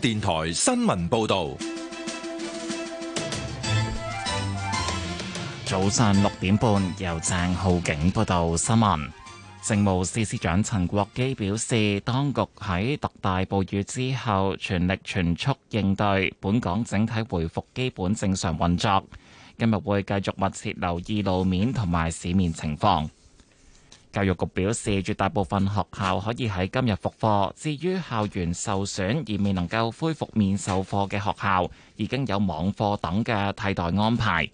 電台新聞報道，早上六點半由鄭浩景報道新聞。政務司司長陳國基表示，當局喺特大暴雨之後全力全速應對，本港整體回復基本正常運作。今日會繼續密切留意路面同埋市面情況。教育局表示，絕大部分學校可以喺今日復課，至於校園受損而未能夠恢復面授課嘅學校，已經有網課等嘅替代安排。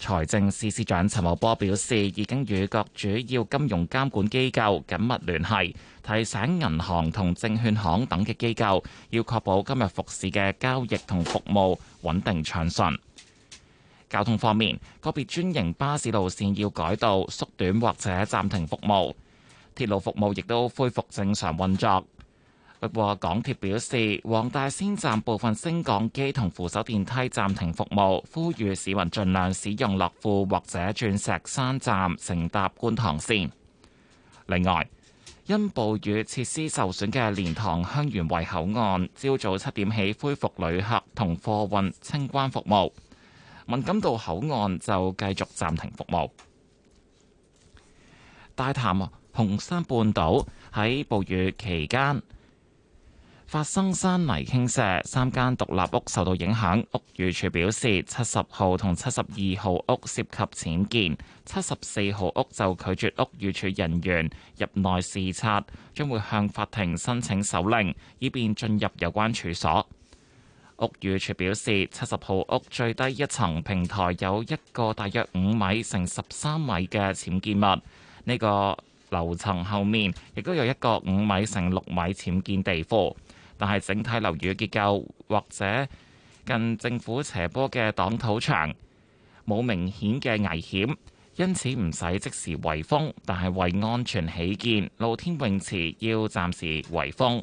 財政司司長陳茂波表示，已經與各主要金融監管機構緊密聯繫，提醒銀行同證券行等嘅機構，要確保今日復市嘅交易同服務穩定暢順。交通方面，個別專營巴士路線要改道、縮短或者暫停服務，鐵路服務亦都恢復正常運作。不過港鐵表示，黃大仙站部分升降機同扶手電梯暫停服務，呼籲市民盡量使用樂富或者鑽石山站乘搭觀塘線。另外，因暴雨設施受損嘅蓮塘香園圍口岸，朝早七點起恢復旅客同貨運清關服務。文錦渡口岸就繼續暫停服務。大潭紅山半島喺暴雨期間發生山泥傾瀉，三間獨立屋受到影響。屋宇署表示，七十號同七十二號屋涉及僭建，七十四號屋就拒絕屋宇署人員入內視察，將會向法庭申請手令，以便進入有關處所。屋宇署表示，七十號屋最低一層平台有一個大約五米乘十三米嘅僭建物，呢個樓層後面亦都有一個五米乘六米僭建地庫，但係整體樓宇結構或者近政府斜坡嘅擋土牆冇明顯嘅危險，因此唔使即時圍封，但係為安全起見，露天泳池要暫時圍封。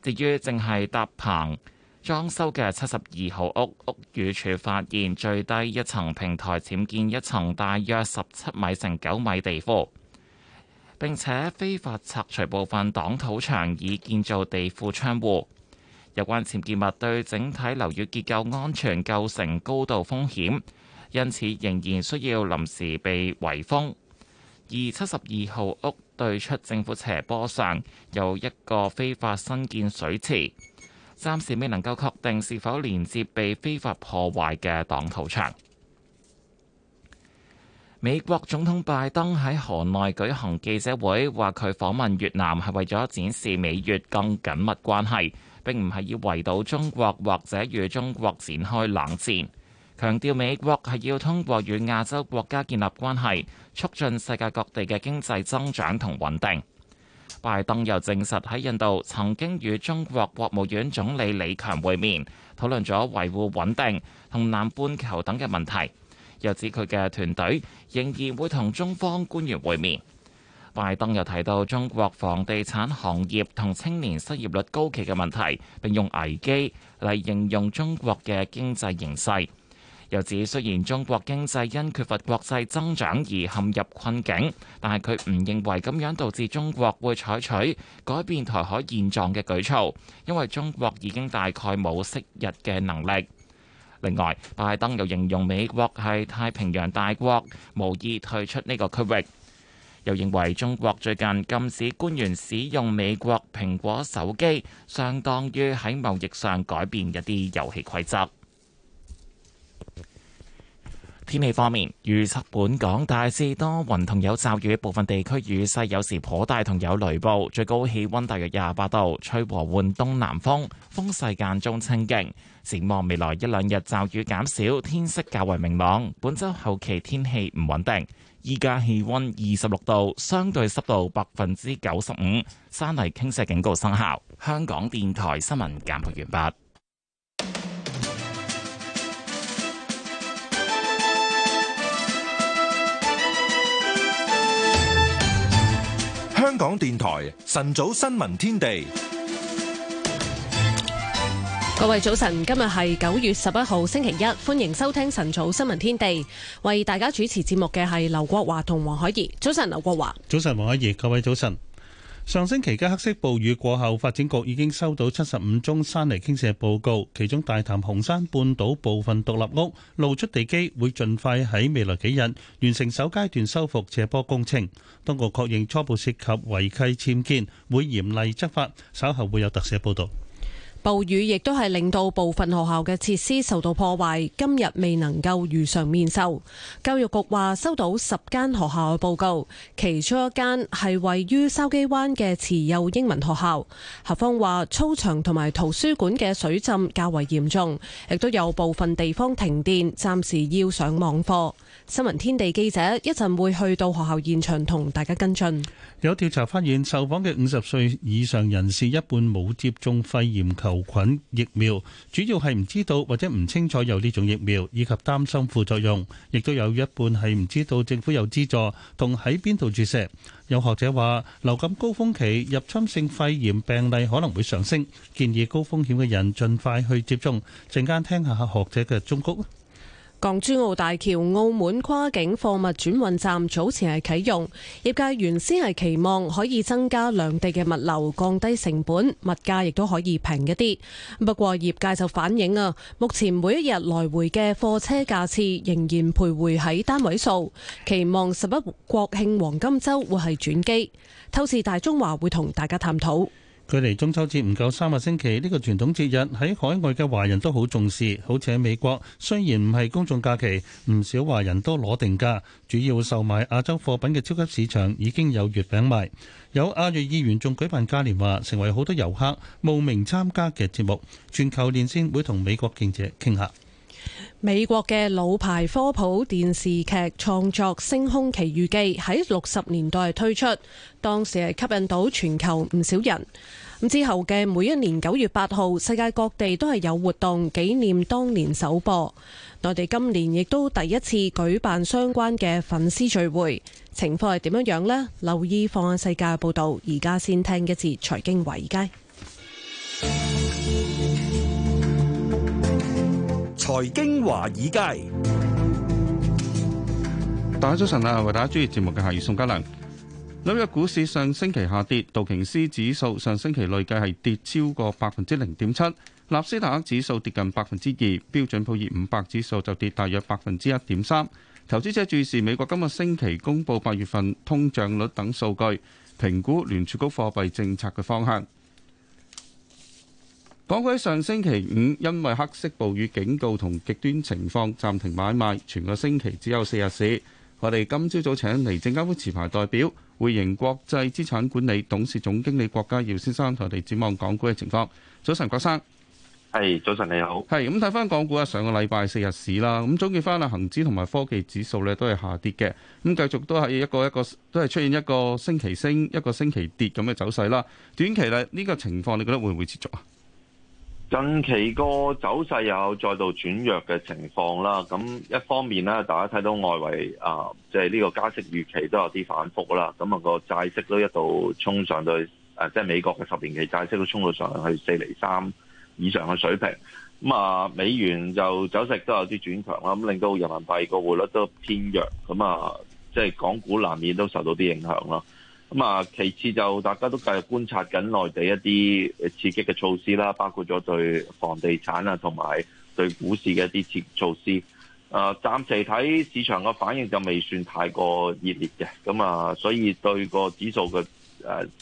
至於淨係搭棚裝修嘅七十二號屋，屋宇署發現，最低一層平台僭建一層大約十七米乘九米地庫，並且非法拆除部分擋土牆以建造地庫窗戶。有關僭建物對整體樓宇結構安全構成高度風險，因此仍然需要臨時被圍封。而七十二號屋對出政府斜坡上有一個非法新建水池。暫時未能夠確定是否連接被非法破壞嘅擋土牆。美國總統拜登喺河內舉行記者會，話佢訪問越南係為咗展示美越更緊密關係，並唔係要圍堵中國或者與中國展開冷戰，強調美國係要通過與亞洲國家建立關係，促進世界各地嘅經濟增長同穩定。拜登又證實喺印度曾經與中國國務院總理李強會面，討論咗維護穩定同南半球等嘅問題。又指佢嘅團隊仍然會同中方官員會面。拜登又提到中國房地產行業同青年失業率高企嘅問題，並用危機嚟形容中國嘅經濟形勢。又指雖然中國經濟因缺乏國際增長而陷入困境，但係佢唔認為咁樣導致中國會採取改變台海現狀嘅舉措，因為中國已經大概冇昔日嘅能力。另外，拜登又形容美國係太平洋大國，無意退出呢個區域，又認為中國最近禁止官員使用美國蘋果手機，相當於喺貿易上改變一啲遊戲規則。天氣方面，預測本港大致多雲同有驟雨，部分地區雨勢有時頗大同有雷暴，最高氣溫大約廿八度，吹和緩東南風，風勢間中清勁。展望未來一兩日驟雨減少，天色較為明朗。本周後期天氣唔穩定，而家氣溫二十六度，相對濕度百分之九十五，山泥傾瀉警告生效。香港電台新聞簡報完畢。香港電台晨早新聞天地，各位早晨，今日係九月十一號星期一，歡迎收聽晨早新聞天地。為大家主持節目嘅係劉國華同黃海怡。早晨，劉國華。早晨，黃海怡。各位早晨。上星期嘅黑色暴雨過後，發展局已經收到七十五宗山泥傾瀉報告，其中大潭紅山半島部分獨立屋露出地基，會盡快喺未來幾日完成首階段修復斜坡工程。當局確認初步涉及違契僭建，會嚴厲執法，稍後會有特寫報道。暴雨亦都係令到部分學校嘅設施受到破壞，今日未能夠如常面授。教育局話收到十間學校嘅報告，其中一間係位於筲箕灣嘅慈幼英文學校。校方話操場同埋圖書館嘅水浸較為嚴重，亦都有部分地方停電，暫時要上網課。新聞天地記者一陣會去到學校現場同大家跟進。有調查發現，受訪嘅五十歲以上人士一半冇接種肺炎球菌疫苗，主要係唔知道或者唔清楚有呢種疫苗，以及擔心副作用。亦都有一半係唔知道政府有資助同喺邊度注射。有學者話，流感高峰期入侵性肺炎病例可能會上升，建議高風險嘅人盡快去接種。陣間聽下學者嘅忠告。港珠澳大橋澳門跨境貨物轉運站早前係啟用，業界原先係期望可以增加兩地嘅物流，降低成本，物價亦都可以平一啲。不過業界就反映啊，目前每一日來回嘅貨車架次仍然徘徊喺單位數期望距離中秋節唔夠三個星期，呢、這個傳統節日喺海外嘅華人都好重視，好似喺美國，雖然唔係公眾假期，唔少華人都攞定假，主要售賣亞洲貨品嘅超級市場已經有月餅賣。有亞裔議員仲舉辦嘉年華成為好多遊客慕名參加嘅節目。全球連線會同美國記者傾下。美國嘅老牌科普電視劇創作《星空奇遇記》喺六十年代推出，當時係吸引到全球唔少人。咁之後嘅每一年九月八號，世界各地都係有活動紀念當年首播。內地今年亦都第一次舉辦相關嘅粉絲聚會，情況係點樣樣呢？留意《放眼世界》報道，而家先聽一節財經圍街。財經華爾街，大家早晨啊！為大家主持節目嘅係宋嘉良。紐約股市上星期下跌，道瓊斯指數上星期累計係跌超過百分之零點七，納斯達克指數跌近百分之二，標準普爾五百指數就跌大約百分之一點三。投資者注視美國今個星期公布八月份通脹率等數據，評估聯儲局貨幣政策嘅方向。港股喺上星期五因為黑色暴雨警告同極端情況暫停買賣，全個星期只有四日市。我哋今朝早請嚟證監會持牌代表匯盈國際資產管理董事總經理郭家耀先生，同我哋展望港股嘅情況。早晨，郭生係。早晨，你好係。咁睇翻港股啊，上個禮拜四日市啦，咁總結翻啊，恒指同埋科技指數咧都係下跌嘅。咁繼續都係一個一個都係出現一個星期升一個星期跌咁嘅走勢啦。短期咧呢個情況你覺得會唔會持續啊？近期個走勢又有再度轉弱嘅情況啦，咁一方面咧，大家睇到外圍啊，即係呢個加息預期都有啲反覆啦，咁啊個債息都一度衝上到，即係美國嘅十年期債息都衝到上去四厘三以上嘅水平，咁啊美元就走勢都有啲轉強啦，咁令到人民幣個匯率都偏弱，咁啊即係港股難免都受到啲影響啦。咁啊，其次就大家都繼續觀察緊內地一啲誒刺激嘅措施啦，包括咗對房地產啊同埋對股市嘅一啲措施。啊，暫時睇市場嘅反應就未算太過熱烈嘅，咁啊，所以對個指數嘅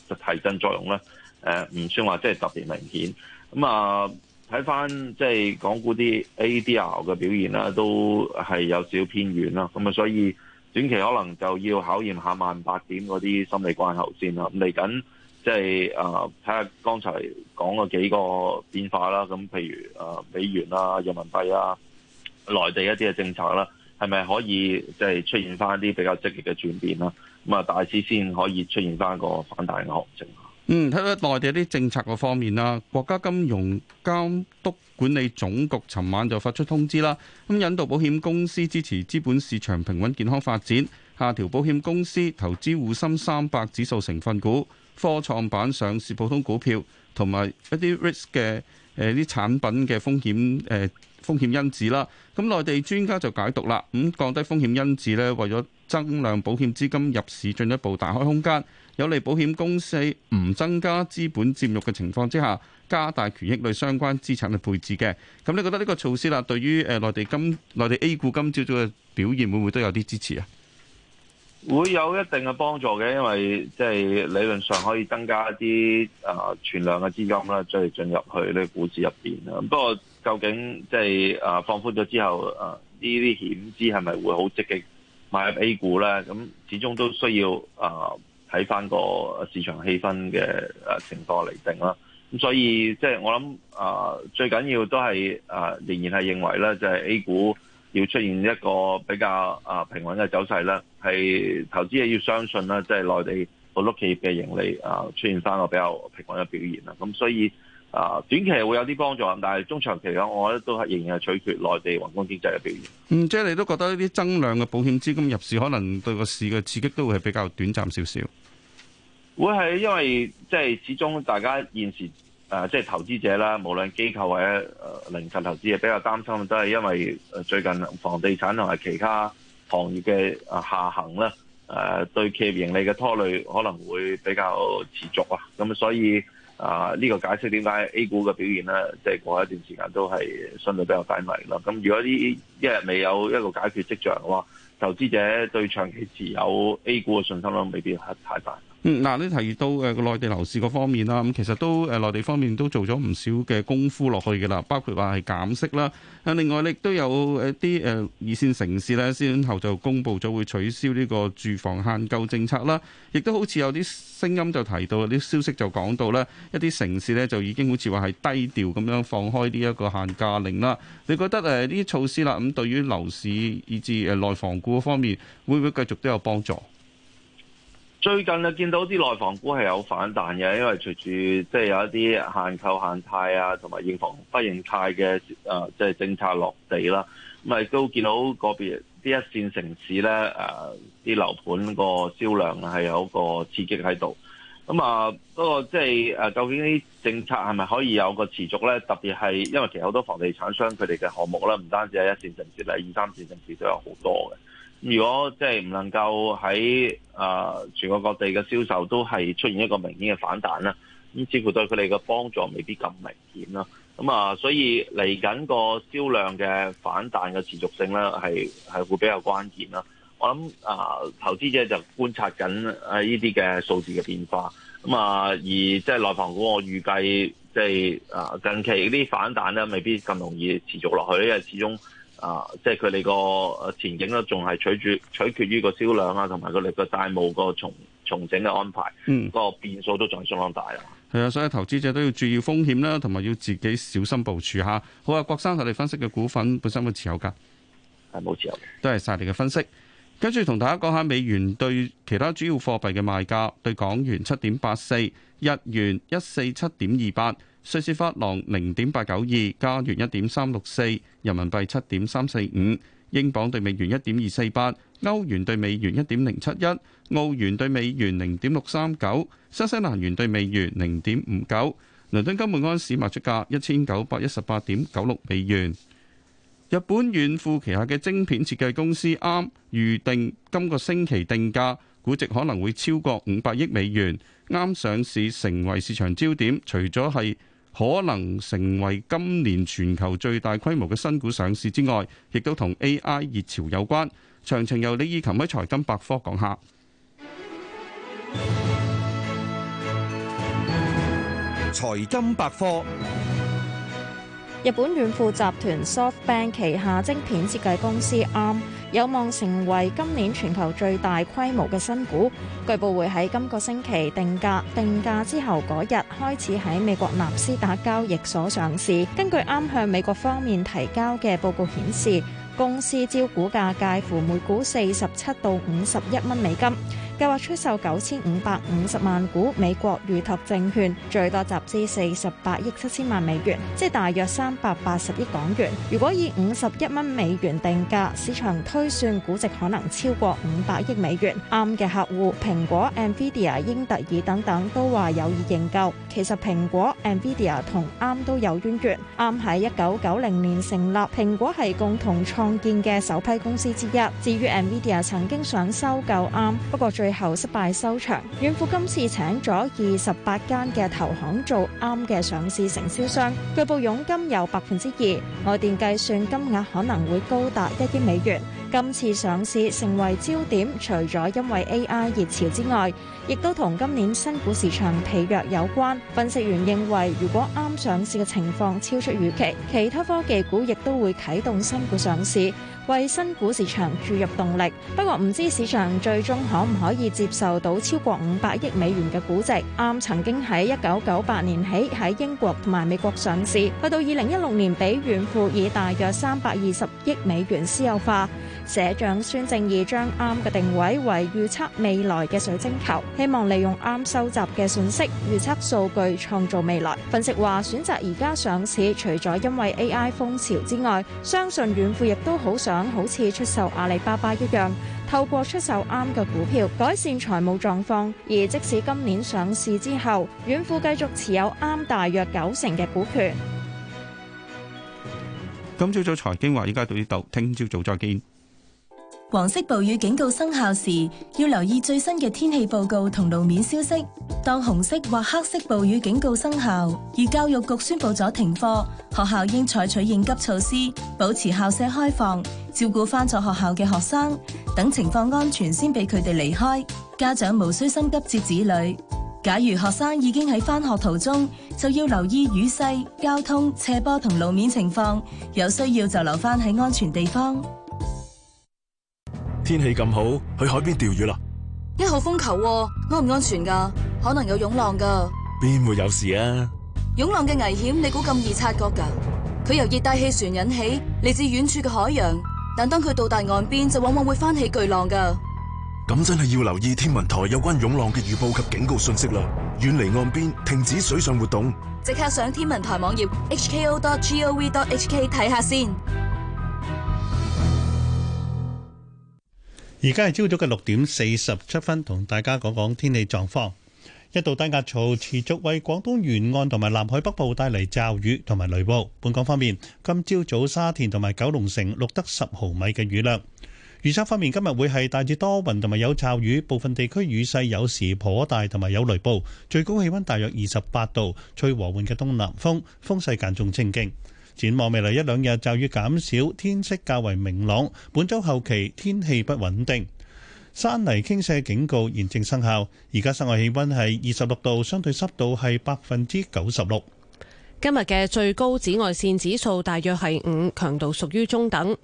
誒提振作用咧，誒唔算話即係特別明顯。咁啊，睇翻即係港股啲 ADR 嘅表現啦，都係有少少偏軟啦，咁啊，所以。短期可能就要考驗下萬八點嗰啲心理關口先啦。咁嚟緊即係誒睇下、就是呃、看看剛才講個幾個變化啦。咁譬如誒、呃、美元啦、人民幣啊、內地一啲嘅政策啦，係咪可以即係出現翻一啲比較積極嘅轉變啦？咁啊大市先可以出現翻個反彈嘅行情。嗯，睇到內地啲政策個方面啦，國家金融監督管理總局尋晚就發出通知啦，咁引導保險公司支持資本市場平穩健康發展，下調保險公司投資滬深三百指數成分股、科創板上市普通股票同埋一啲 risk 嘅誒啲產品嘅風險、呃、風險因子啦。咁、嗯、內地專家就解讀啦，咁、嗯、降低風險因子呢，為咗增量保險資金入市進一步打開空間。有利保險公司唔增加資本佔用嘅情況之下，加大權益類相關資產嘅配置嘅。咁你覺得呢個措施啦，對於誒內地今內地 A 股今朝早嘅表現會唔會都有啲支持啊？會有一定嘅幫助嘅，因為即係理論上可以增加一啲啊存量嘅資金啦，再進入去呢個股市入邊啦。不過究竟即係啊放寬咗之後啊，呢啲險資係咪會好積極買入 A 股咧？咁始終都需要啊。睇翻個市場氣氛嘅誒情況嚟定啦，咁所以即係、就是、我諗啊、呃，最緊要都係啊、呃，仍然係認為咧，就係、是、A 股要出現一個比較啊、呃、平穩嘅走勢啦。係投資者要相信啦，即係內地好多企業嘅盈利啊、呃、出現翻個比較平穩嘅表現啦。咁、嗯、所以啊、呃、短期會有啲幫助，但係中長期咧，我覺得都係仍然係取決內地宏觀經濟嘅表現。嗯，即係你都覺得呢啲增量嘅保險資金入市，可能對個市嘅刺激都會係比較短暫少少。會係因為即係始終大家現時誒即係投資者啦，無論機構或者誒零售投資者比較擔心都係因為誒最近房地產同埋其他行業嘅下行啦，誒、啊、對企業盈利嘅拖累可能會比較持續啊。咁所以啊，呢個解釋點解 A 股嘅表現咧，即係過一段時間都係相對比較低迷咯。咁如果呢一日未有一個解決跡象嘅話，投資者對長期持有 A 股嘅信心都未必係太大。嗯，嗱，你提到誒內地樓市嗰方面啦，咁其實都誒內地方面都做咗唔少嘅功夫落去嘅啦，包括話係減息啦。啊，另外亦都有啲誒、呃、二線城市呢，先後就公布咗會取消呢個住房限購政策啦，亦都好似有啲聲音就提到啲消息就講到呢，一啲城市呢，就已經好似話係低調咁樣放開呢一個限價令啦。你覺得呢啲措施啦，咁對於樓市以至內房股方面，會唔會繼續都有幫助？最近咧見到啲內房股係有反彈嘅，因為隨住即係有一啲限購限貸啊，同埋認房不認貸嘅即係政策落地啦，咁誒都見到個別啲一線城市咧，啲樓盤個銷量係有一個刺激喺度。咁啊，不過即係究竟啲政策係咪可以有個持續咧？特別係因為其實好多房地產商佢哋嘅項目咧，唔單止係一線城市咧，二三線城市都有好多嘅。如果即係唔能夠喺誒全國各地嘅銷售都係出現一個明顯嘅反彈啦，咁似乎對佢哋嘅幫助未必咁明顯啦。咁啊，所以嚟緊個銷量嘅反彈嘅持續性咧，係係會比較關鍵啦。我諗啊，投資者就觀察緊誒呢啲嘅數字嘅變化。咁啊，而即係內房股，我預計即係啊近期啲反彈咧，未必咁容易持續落去，因為始終。啊，即係佢哋個前景咧，仲係取決取決於個銷量啊，同埋佢哋個債務個重重整嘅安排，嗯，個變數都仲係相當大啊。係啊，所以投資者都要注意風險啦，同埋要自己小心部署吓。好啊，郭生，睇你分析嘅股份本身有冇持有噶？係冇持有嘅。都係晒你嘅分析，跟住同大家講下美元對其他主要貨幣嘅賣價，對港元七點八四，日元一四七點二八。瑞士法郎零點八九二、加元一點三六四、人民幣七點三四五、英鎊兌美元一點二四八、歐元兌美元一點零七一、澳元兌美元零點六三九、新西蘭元兌美元零點五九。倫敦金每安士賣出價一千九百一十八點九六美元。日本軟庫旗下嘅晶片設計公司啱預定今個星期定價，估值可能會超過五百億美元。啱上市成為市場焦點，除咗係。可能成為今年全球最大規模嘅新股上市之外，亦都同 AI 熱潮有關。詳情由李以琴喺財金百科講下。財金百科，日本軟庫集團，團 SoftBank 旗下晶片設計公司 ARM。有望成為今年全球最大規模嘅新股，據報會喺今個星期定價，定價之後嗰日開始喺美國納斯達交易所上市。根據啱向美國方面提交嘅報告顯示，公司招股價介乎每股四十七到五十一蚊美金。計劃出售九千五百五十萬股美國預託證券，最多集資四十八億七千萬美元，即係大約三百八十億港元。如果以五十一蚊美元定價，市場推算估值可能超過五百億美元。ARM 嘅客戶，蘋果、Nvidia、英特爾等等都話有意認購。其實蘋果、Nvidia 同 ARM 都有淵源，ARM 喺一九九零年成立，蘋果係共同創建嘅首批公司之一。至於 Nvidia 曾經想收購 ARM，不過最後失敗收場。軟庫今次請咗二十八間嘅投行做啱嘅上市承銷商，據報佣金有百分之二。外電計算金額可能會高達一億美元。今次上市成為焦點，除咗因為 AI 熱潮之外，亦都同今年新股市場疲弱有關。分析員認為，如果啱上市嘅情況超出預期，其他科技股亦都會啟動新股上市。為新股市場注入動力，不過唔知市場最終可唔可以接受到超過五百億美元嘅估值？啱曾經喺一九九八年起喺英國同埋美國上市，去到二零一六年俾軟庫以大約三百二十億美元私有化。社長孫正義將啱嘅定位為預測未來嘅水晶球，希望利用啱收集嘅訊息預測數據，創造未來。分析話選擇而家上市，除咗因為 AI 風潮之外，相信軟庫亦都好想。好似出售阿里巴巴一樣，透過出售啱嘅股票改善財務狀況，而即使今年上市之後，軟庫繼續持有啱大約九成嘅股權。今朝早財經話依家到呢度，聽朝早再見。黃色暴雨警告生效時，要留意最新嘅天氣報告同路面消息。當紅色或黑色暴雨警告生效，而教育局宣佈咗停課，學校應採取應急措施，保持校舍開放。照顧翻咗學校嘅學生，等情況安全先俾佢哋離開。家長無需心急接子女。假如學生已經喺翻學途中，就要留意雨勢、交通、斜坡同路面情況。有需要就留翻喺安全地方。天氣咁好，去海邊釣魚啦！一號風球啊，安唔安全噶？可能有湧浪噶。邊會有事啊？湧浪嘅危險，你估咁易察覺噶？佢由熱帶氣旋引起，嚟自遠處嘅海洋。但當佢到達岸邊，就往往會翻起巨浪㗎。咁真係要留意天文台有關湧浪嘅預報及警告信息啦。遠離岸邊，停止水上活動。即刻上天文台網頁 hko.gov.hk 睇下先。而家係朝早嘅六點四十七分，同大家講講天氣狀況。一道低壓槽持續為廣東沿岸同埋南海北部帶嚟驟雨同埋雷暴。本港方面，今朝早沙田同埋九龍城錄得十毫米嘅雨量。預測方面，今日會係大致多雲同埋有驟雨，部分地區雨勢有時頗大同埋有雷暴，最高氣溫大約二十八度。山泥傾瀉警告現正生效，而家室外氣溫係二十六度，相對濕度係百分之九十六。今日嘅最高紫外線指數大約係五，強度屬於中等。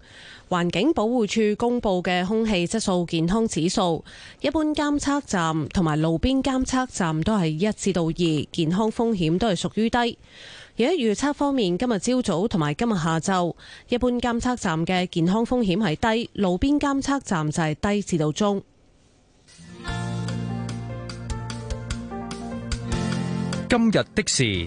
環境保護處公布嘅空氣質素健康指數，一般監測站同埋路邊監測站都係一至到二，健康風險都係屬於低。而喺預測方面，今日朝早同埋今日下晝，一般監測站嘅健康風險係低，路邊監測站就係低至到中。今日的事，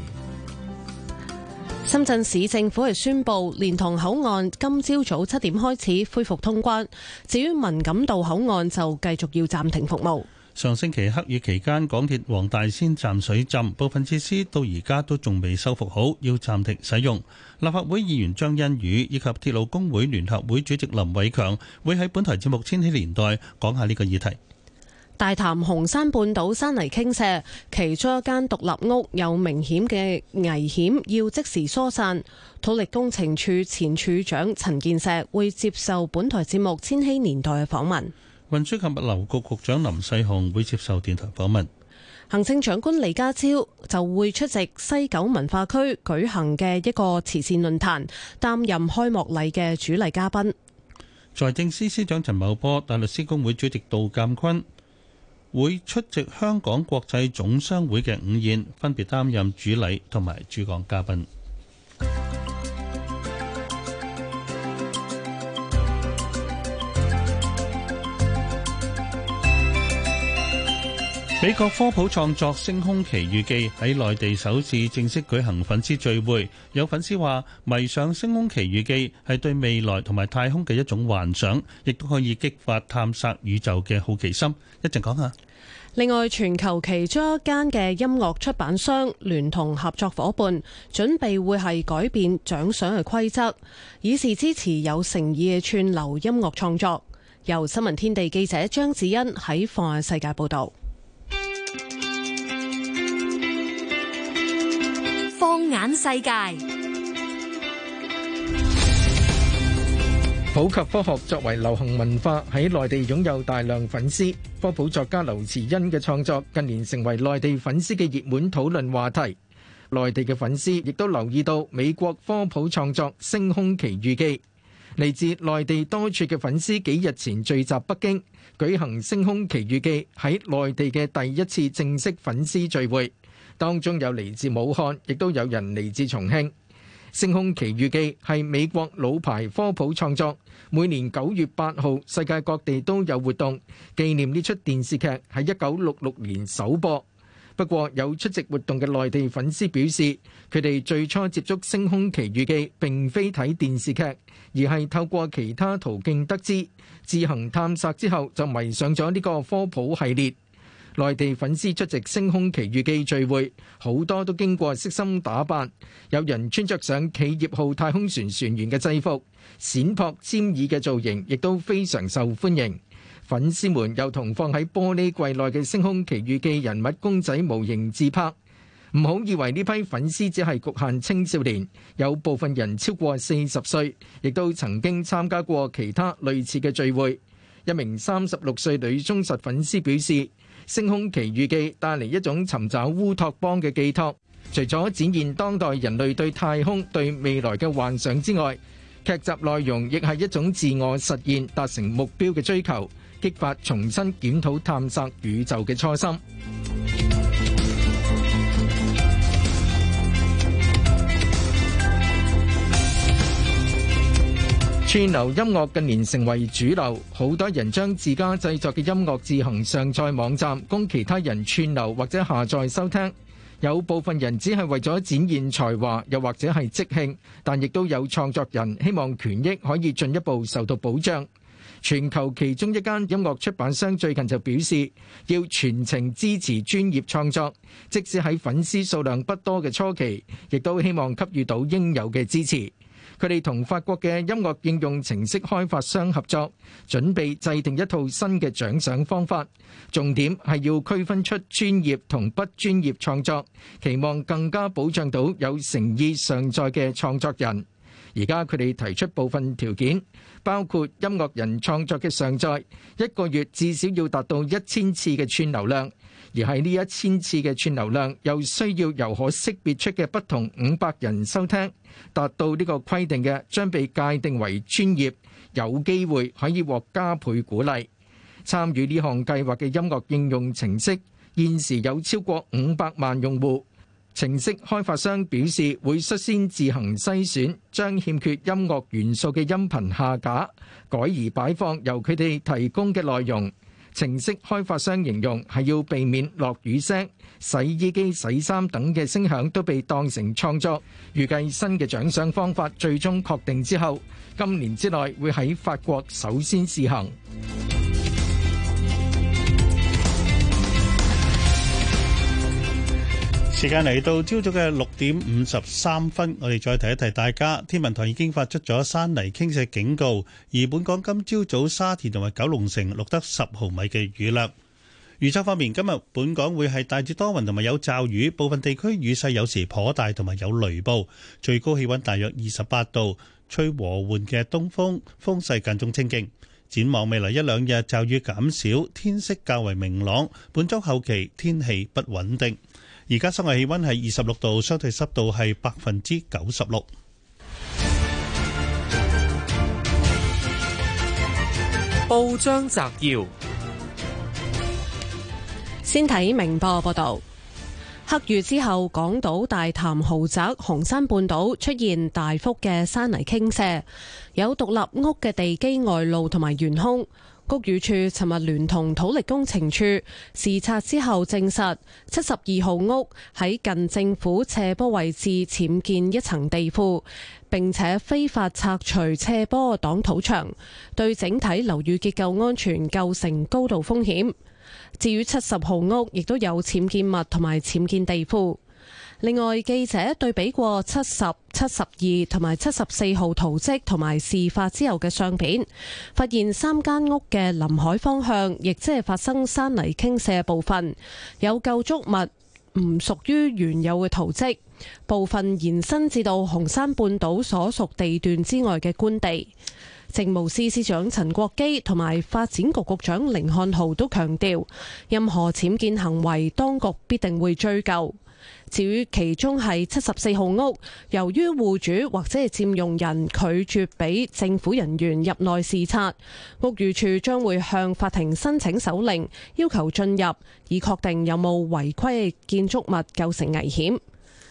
深圳市政府係宣布連同口岸今朝早七點開始恢復通關，至於文錦渡口岸就繼續要暫停服務。上星期黑雨期間，港鐵黃大仙站水浸，部分設施到而家都仲未修復好，要暫停使用。立法會議員張欣宇以及鐵路工會聯合會主席林偉強會喺本台節目《千禧年代》講下呢個議題。大潭紅山半島山泥傾瀉，其中一間獨立屋有明顯嘅危險，要即時疏散。土力工程處前處長陳建石會接受本台節目《千禧年代》嘅訪問。運輸及物流局局長林世雄會接受電台訪問。行政長官李家超就會出席西九文化區舉行嘅一個慈善論壇，擔任開幕禮嘅主禮嘉賓。財政司司長陳茂波、大律師公會主席杜鑒坤會出席香港國際總商會嘅午宴，分別擔任主禮同埋主講嘉賓。美國科普創作《星空奇遇記》喺內地首次正式舉行粉絲聚會。有粉絲話：迷上《星空奇遇記》係對未來同埋太空嘅一種幻想，亦都可以激發探索宇宙嘅好奇心。一陣講下。另外，全球其中一間嘅音樂出版商聯同合作伙伴準備會係改變獎賞嘅規則，以示支持有誠意嘅串流音樂創作。由新聞天地記者張子欣喺《放眼世界》報道。眼世界，普及科學作為流行文化喺內地擁有大量粉絲。科普作家劉慈欣嘅創作近年成為內地粉絲嘅熱門討論話題。內地嘅粉絲亦都留意到美國科普創作《星空奇遇記》。嚟自內地多處嘅粉絲幾日前聚集北京，舉行《星空奇遇記》喺內地嘅第一次正式粉絲聚會。當中有嚟自武漢，亦都有人嚟自重慶。《星空奇遇記》係美國老牌科普創作，每年九月八號，世界各地都有活動，紀念呢出電視劇喺一九六六年首播。不過有出席活動嘅內地粉絲表示，佢哋最初接觸《星空奇遇記》並非睇電視劇，而係透過其他途徑得知。自行探索之後，就迷上咗呢個科普系列。內地粉絲出席《星空奇遇記》聚會，好多都經過悉心打扮，有人穿着上企業號太空船船員嘅制服，閃撲尖耳嘅造型亦都非常受歡迎。粉絲們又同放喺玻璃櫃內嘅《星空奇遇記》人物公仔模型自拍。唔好以為呢批粉絲只係局限青少年，有部分人超過四十歲，亦都曾經參加過其他類似嘅聚會。一名三十六歲女忠實粉絲表示。星空奇遇記帶嚟一種尋找烏托邦嘅寄託，除咗展現當代人類對太空、對未來嘅幻想之外，劇集內容亦係一種自我實現達成目標嘅追求，激發重新檢討探索宇宙嘅初心。串流音樂近年成為主流，好多人將自家製作嘅音樂自行上載網站，供其他人串流或者下載收聽。有部分人只係為咗展現才華，又或者係即興，但亦都有創作人希望權益可以進一步受到保障。全球其中一間音樂出版商最近就表示，要全程支持專業創作，即使喺粉絲數量不多嘅初期，亦都希望給予到應有嘅支持。佢哋同法國嘅音樂應用程式開發商合作，準備制定一套新嘅獎賞方法。重點係要區分出專業同不專業創作，期望更加保障到有誠意上載嘅創作人。而家佢哋提出部分條件，包括音樂人創作嘅上載，一個月至少要達到一千次嘅串流量。而喺呢一千次嘅串流量，又需要由可識別出嘅不同五百人收聽，達到呢個規定嘅，將被界定為程式開發商形容係要避免落雨聲、洗衣機、洗衫等嘅聲響都被當成創作。預計新嘅獎賞方法最終確定之後，今年之內會喺法國首先試行。時間嚟到朝早嘅六點五十三分，我哋再提一提大家。天文台已經發出咗山泥傾瀉警告，而本港今朝早沙田同埋九龍城錄得十毫米嘅雨量。預測方面，今日本港會係大致多雲同埋有驟雨，部分地區雨勢有時頗大，同埋有雷暴。最高氣溫大約二十八度，吹和緩嘅東風，風勢間中清勁。展望未來一兩日驟雨減少，天色較為明朗。本周後期天氣不穩定。而家室外氣溫係二十六度，相對濕度係百分之九十六。報章摘要：先睇明報報道，黑雨之後，港島大潭豪宅、紅山半島出現大幅嘅山泥傾瀉，有獨立屋嘅地基外露同埋懸空。屋宇處尋日聯同土力工程處視察之後證實，七十二號屋喺近政府斜坡位置僭建一層地庫，並且非法拆除斜坡擋土牆，對整體樓宇結構安全構成高度風險。至於七十號屋，亦都有僭建物同埋僭建地庫。另外，記者對比過七十、七十二同埋七十四號圖則同埋事發之後嘅相片，發現三間屋嘅臨海方向亦即係發生山泥傾瀉部分有舊構築物，唔屬於原有嘅圖則，部分延伸至到紅山半島所屬地段之外嘅官地。政務司司長陳國基同埋發展局局長凌漢豪都強調，任何僭建行為，當局必定會追究。至於其中係七十四號屋，由於戶主或者係佔用人拒絕俾政府人員入內視察，屋宇處將會向法庭申請手令，要求進入，以確定有冇違規建築物構成危險。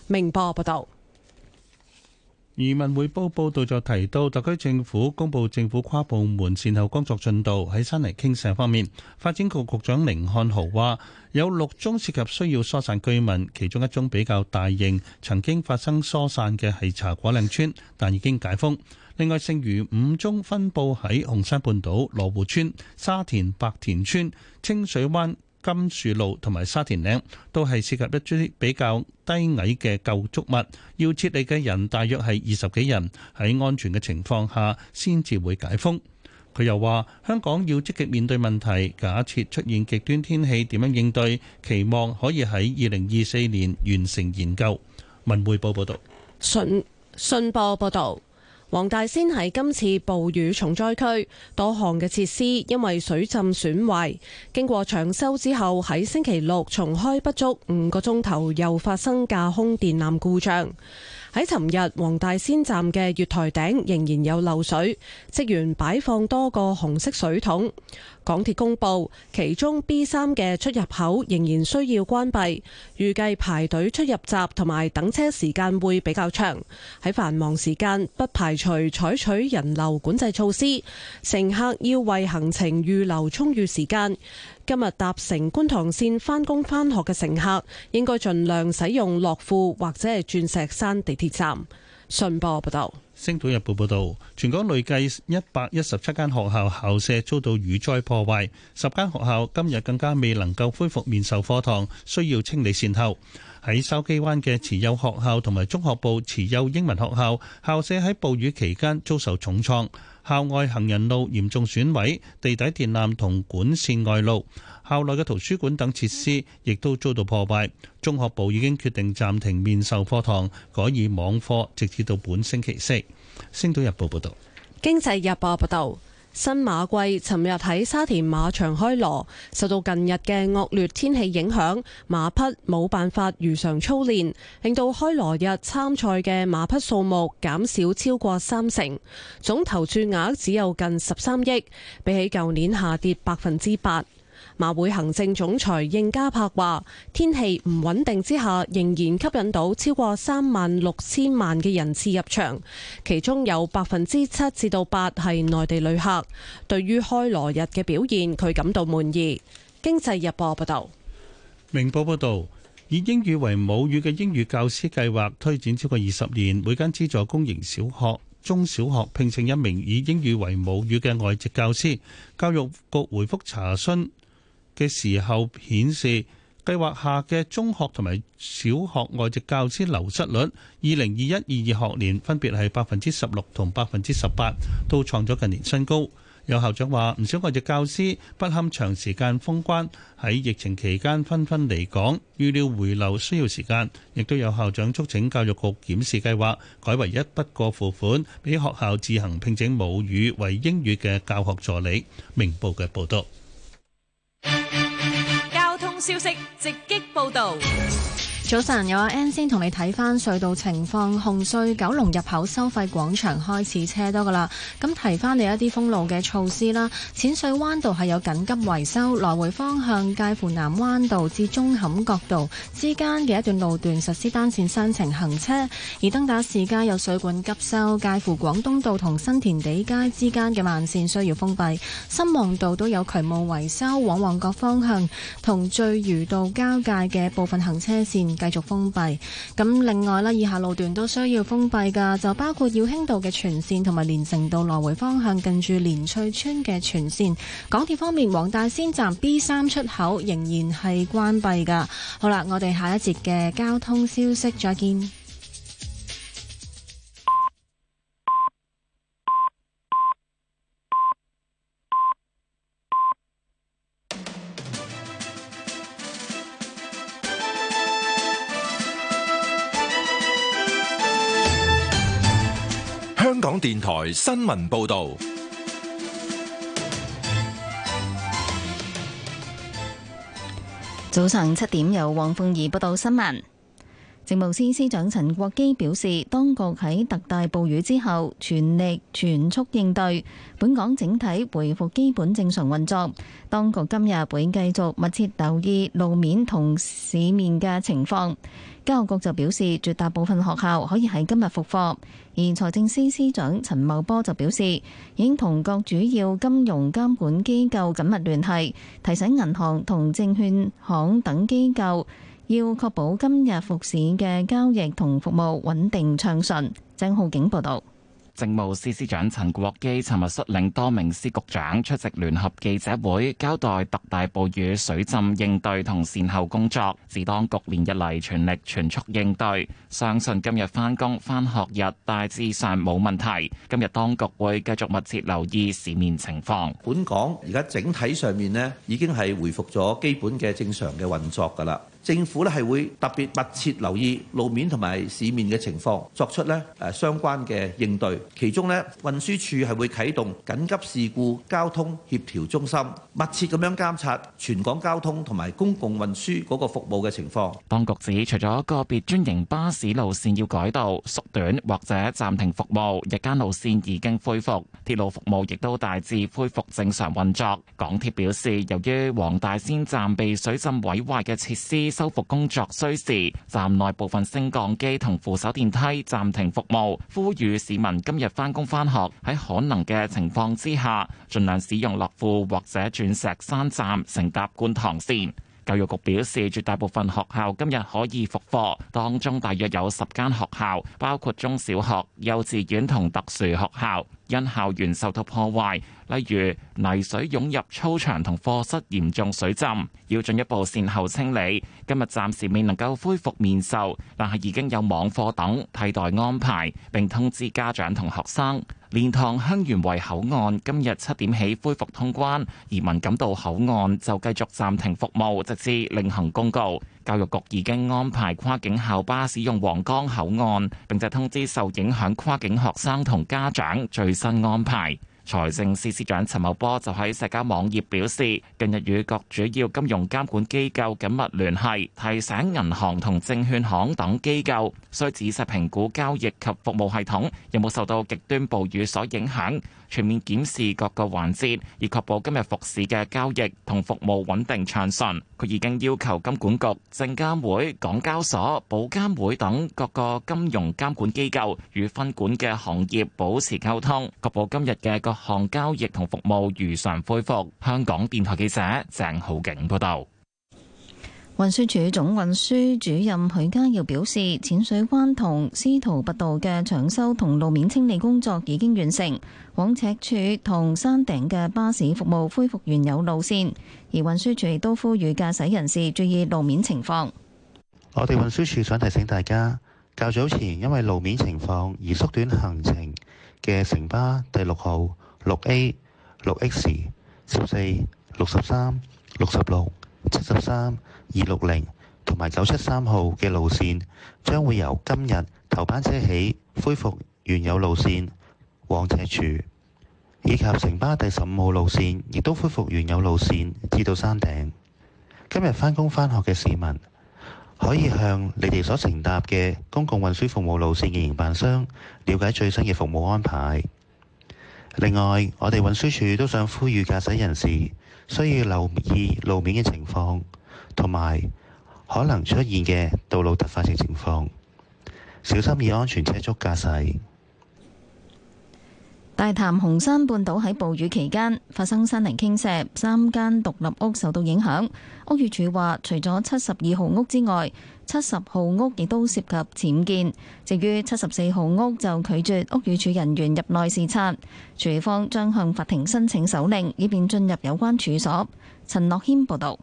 明報報道。《移民匯報》報道就提到，特區政府公布政府跨部門善後工作進度，喺山泥傾瀉方面，發展局局長甯漢豪話有六宗涉及需要疏散居民，其中一宗比較大型，曾經發生疏散嘅係茶果嶺村，但已經解封。另外，剩餘五宗分佈喺紅山半島、羅湖村、沙田白田村、清水灣，金樹路同埋沙田嶺都係涉及一啲比較低矮嘅舊築物，要撤離嘅人大約係二十幾人，喺安全嘅情況下先至會解封。佢又話香港要積極面對問題，假設出現極端天氣點樣應對，期望可以喺二零二四年完成研究。文匯報報道。信信報報道。黃大仙係今次暴雨重災區，多項嘅設施因為水浸損壞，經過搶修之後喺星期六重開不足五個鐘頭，又發生架空電纜故障。喺尋日，黃大仙站嘅月台頂仍然有漏水，職員擺放多個紅色水桶。港鐵公布，其中 B 三嘅出入口仍然需要關閉，預計排隊出入閘同埋等車時間會比較長。喺繁忙時間，不排除採取人流管制措施。乘客要為行程預留充裕時間。今日搭乘觀塘綫返工返學嘅乘客，應該盡量使用樂富或者係鑽石山地鐵站。信報報道。星島日報報道，全港累計一百一十七間學校校舍遭到雨災破壞，十間學校今日更加未能夠恢復面授課堂，需要清理善後。喺筲箕灣嘅慈幼學校同埋中學部慈幼英文學校校舍喺暴雨期間遭受重創，校外行人路嚴重損毀，地底電纜同管線外露。校內嘅圖書館等設施亦都遭到破壞。中學部已經決定暫停面授課堂，改以網課，直至到本星期四。星島日報報道，經濟日報報道，新馬季尋日喺沙田馬場開鑼，受到近日嘅惡劣天氣影響，馬匹冇辦法如常操練，令到開鑼日參賽嘅馬匹數目減少超過三成，總投注額只有近十三億，比起舊年下跌百分之八。馬會行政總裁應家柏話：天氣唔穩定之下，仍然吸引到超過三萬六千萬嘅人次入場，其中有百分之七至到八係內地旅客。對於開羅日嘅表現，佢感到滿意。《經濟日報》報道。明報報道，以英語為母語嘅英語教師計劃推展超過二十年，每間資助公營小學、中小學聘請一名以英語為母語嘅外籍教師。教育局回覆查詢嘅時候顯示，計劃下嘅中學同埋小學外籍教師流失率，二零二一二二學年分別係百分之十六同百分之十八，都創咗近年新高。有校長話，唔少外籍教師不堪長時間封關，喺疫情期間紛紛離港，預料回流需要時間。亦都有校長促請教育局檢視計劃，改為一筆過付款，俾學校自行聘請母語為英語嘅教學助理。明報嘅報導。消息直擊報導。早晨，有阿 N 先同你睇翻隧道情況，紅隧九龍入口收費廣場開始車多噶啦。咁提翻你一啲封路嘅措施啦。淺水灣道係有緊急維修，來回方向介乎南灣道至舂坎角道之間嘅一段路段實施單線雙程行車，而登打士街有水管急修，介乎廣東道同新填地街之間嘅慢線需要封閉，深旺道都有渠務維修，往旺角方向同聚魚道交界嘅部分行車線。繼續封閉，咁另外咧，以下路段都需要封閉噶，就包括耀興道嘅全線同埋連城道來回方向近住連翠村嘅全線。港鐵方面，黃大仙站 B 三出口仍然係關閉噶。好啦，我哋下一節嘅交通消息再見。香港電台新聞報道，早上七點由黃鳳儀報道新聞。政務司司長陳國基表示，當局喺特大暴雨之後全力全速應對，本港整體恢復基本正常運作。當局今日會繼續密切留意路面同市面嘅情況。教育局就表示，絕大部分學校可以喺今日復課。而財政司司長陳茂波就表示，已經同各主要金融監管機構緊密聯繫，提醒銀行同證券行等機構要確保今日復市嘅交易同服務穩定暢順。張浩景報導。政務司司長陳國基尋日率領多名司局長出席聯合記者會，交代特大暴雨水浸應對同善後工作。自當局連日嚟，全力全速應對，相信今日翻工翻學日大致上冇問題。今日當局會繼續密切留意市面情況。本港而家整體上面呢，已經係回復咗基本嘅正常嘅運作噶啦。政府係會特別密切留意路面同埋市面的情況，作出咧誒相關嘅應對。其中，運輸署係會啟動緊急事故交通協調中心，密切咁樣監察全港交通同埋公共運輸嗰個服務嘅情況。當局指除咗個別專營巴士路線要改道，縮短或者暫停服務，日間路線已經恢復。鐵路服務亦都大致恢復正常運作。港鐵表示由於黃大仙站被水浸毀壞嘅設施，修復工作需時，站內部分升降機同扶手電梯暫停服務。呼籲市民今日返工返學，喺可能嘅情況之下，盡量使用樂富或者鑽石山站乘搭觀塘綫。教育局表示，絕大部分學校今日可以復課，當中大約有十間學校，包括中小學、幼稚園同特殊學校，因校園受到破壞。例如泥水湧入操場同課室，嚴重水浸，要進一步善後清理。今日暫時未能夠恢復面授，但係已經有網課等替代安排，並通知家長同學生。蓮塘香園圍口岸今日七點起恢復通關，移民感到口岸就繼續暫停服務，直至另行公告。教育局已經安排跨境校巴使用皇崗口岸，並且通知受影響跨境學生同家長最新安排。財政司司長陳茂波就喺社交網頁表示，近日與各主要金融監管機構緊密聯繫，提醒銀行同證券行等機構需仔細評估交易及服務系統有冇受到極端暴雨所影響。全面檢視各個環節，以確保今日復市嘅交易同服務穩定暢順，佢已經要求金管局、證監會、港交所、保監會等各個金融監管機構與分管嘅行業保持溝通，確保今日嘅各項交易同服務如常恢復。香港電台記者鄭浩景報道。運輸署總運輸主任許家耀表示，淺水灣同司徒拔道嘅搶修同路面清理工作已經完成，往赤柱同山頂嘅巴士服務恢復原有路線。而運輸署亦都呼籲駕駛人士注意路面情況。我哋運輸署想提醒大家，較早前因為路面情況而縮短行程嘅城巴第六號、六 A、六 X、十四、六十三、六十六、七十三。二六零同埋九七三號嘅路線將會由今日頭班車起恢復原有路線往赤柱，以及城巴第十五號路線亦都恢復原有路線至到山頂。今日返工返學嘅市民可以向你哋所乘搭嘅公共運輸服務路線嘅營辦商了解最新嘅服務安排。另外，我哋運輸處都想呼籲駕駛人士需要留意路面嘅情況。同埋可能出現嘅道路突發性情況，小心以安全車速駕駛。大潭紅山半島喺暴雨期間發生山泥傾瀉，三間獨立屋受到影響。屋宇署話，除咗七十二號屋之外，七十號屋亦都涉及僭建，至於七十四號屋就拒絕屋宇署人員入內視察。署方將向法庭申請手令，以便進入有關處所。陳樂謙報道。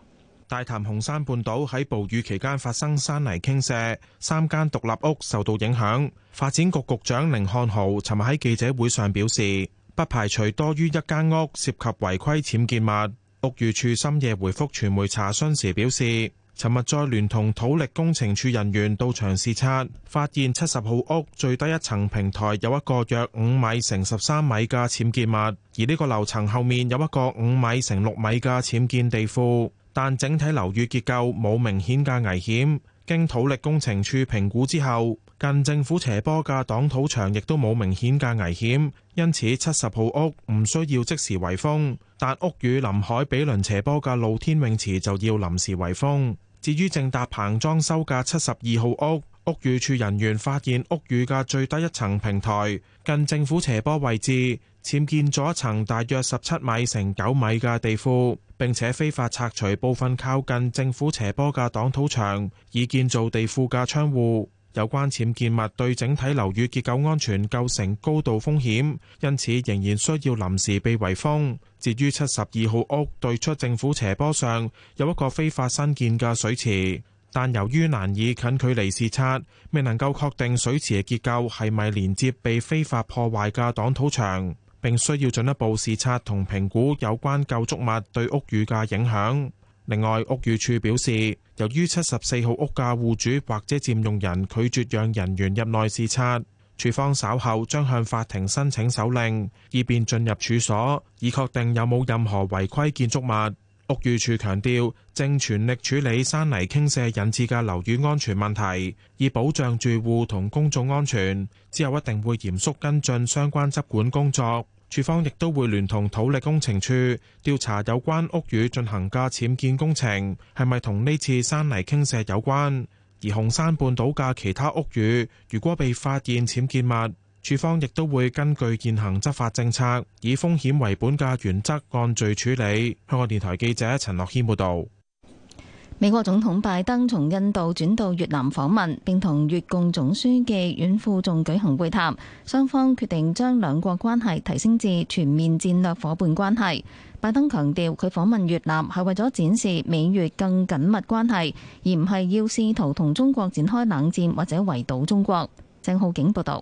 大潭紅山半島喺暴雨期間發生山泥傾瀉，三間獨立屋受到影響。發展局局長甯漢豪尋日喺記者會上表示，不排除多於一間屋涉及違規僭建物。屋宇處深夜回覆傳媒查詢時表示，尋日再聯同土力工程處人員到場視察，發現七十號屋最低一層平台有一個約五米乘十三米嘅僭建物，而呢個樓層後面有一個五米乘六米嘅僭建地庫。但整體樓宇結構冇明顯嘅危險，經土力工程處評估之後，近政府斜坡嘅擋土牆亦都冇明顯嘅危險，因此七十號屋唔需要即時圍封。但屋宇臨海比鄰斜坡嘅露天泳池就要臨時圍封。至於正搭棚裝修嘅七十二號屋，屋宇處人員發現屋宇嘅最低一層平台近政府斜坡位置。僭建咗一層大約十七米乘九米嘅地庫，並且非法拆除部分靠近政府斜坡嘅擋土牆，以建造地庫嘅窗戶。有關僭建物對整體樓宇結構安全構成高度風險，因此仍然需要臨時被圍封。至於七十二號屋對出政府斜坡上有一個非法新建嘅水池，但由於難以近距離視察，未能夠確定水池嘅結構係咪連接被非法破壞嘅擋土牆。並需要進一步視察同評估有關舊建築物對屋宇嘅影響。另外，屋宇署表示，由於七十四號屋嘅戶主或者佔用人拒絕讓人員入內視察，署方稍後將向法庭申請手令，以便進入處所，以確定有冇任何違規建築物。屋宇署強調，正全力處理山泥傾瀉引致嘅樓宇安全問題，以保障住戶同公眾安全。之後一定會嚴肅跟進相關執管工作。署方亦都會聯同土力工程處調查有關屋宇進行嘅僭建工程係咪同呢次山泥傾瀉有關。而紅山半島嘅其他屋宇，如果被發現僭建物，處方亦都會根據現行執法政策，以風險為本嘅原則按罪處理。香港電台記者陳樂軒報道。美國總統拜登從印度轉到越南訪問，並同越共總書記阮富仲舉行會談，雙方決定將兩國關係提升至全面戰略夥伴關係。拜登強調，佢訪問越南係為咗展示美越更緊密關係，而唔係要試圖同中國展開冷戰或者圍堵中國。鄭浩景報道。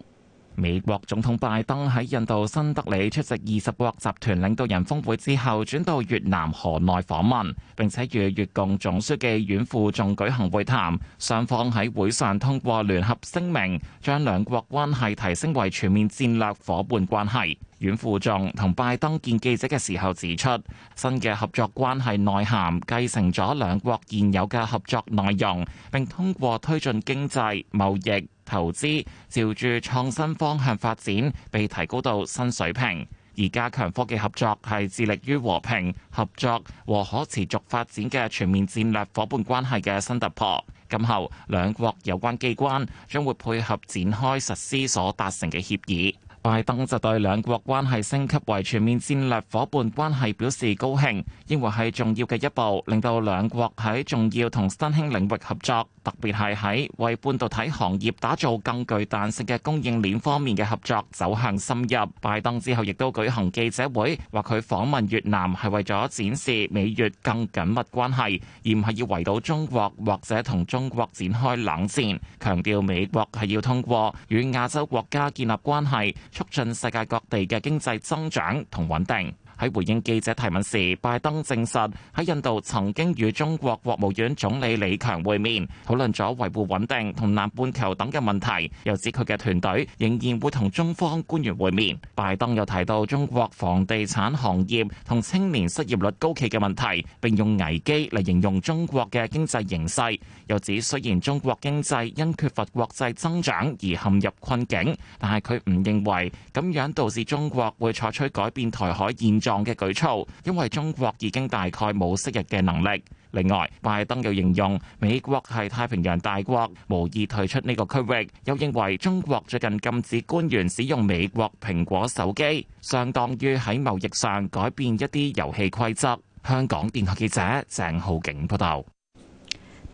美國總統拜登喺印度新德里出席二十國集團領導人峰會之後，轉到越南河內訪問，並且與越共總書記阮富仲舉行會談。雙方喺會上通過聯合聲明，將兩國關係提升為全面戰略伙伴關係。阮富仲同拜登見記者嘅時候指出，新嘅合作關係內涵繼承咗兩國現有嘅合作內容，並通過推進經濟、貿易、投資照住創新方向發展，被提高到新水平，而加強科技合作係致力於和平合作和可持續發展嘅全面戰略伙伴關係嘅新突破。今後兩國有關機關將會配合展開實施所達成嘅協議。拜登就對兩國關係升級為全面戰略伙伴關係表示高興，認為係重要嘅一步，令到兩國喺重要同新興領域合作，特別係喺為半導體行業打造更具彈性嘅供應鏈方面嘅合作走向深入。拜登之後亦都舉行記者會，話佢訪問越南係為咗展示美越更緊密關係，而唔係要圍堵中國或者同中國展開冷戰，強調美國係要通過與亞洲國家建立關係。促進世界各地嘅經濟增長同穩定。喺回應記者提問時，拜登證實喺印度曾經與中國國務院總理李強會面，討論咗維護穩定同南半球等嘅問題。又指佢嘅團隊仍然會同中方官員會面。拜登又提到中國房地產行業同青年失業率高企嘅問題，並用危機嚟形容中國嘅經濟形勢。又指雖然中國經濟因缺乏國際增長而陷入困境，但係佢唔認為咁樣導致中國會採取改變台海現嘅舉措，因為中國已經大概冇昔日嘅能力。另外，拜登又形容美國係太平洋大國，無意退出呢個區域。又認為中國最近禁止官員使用美國蘋果手機，相當於喺貿易上改變一啲遊戲規則。香港電台記者鄭浩景報道。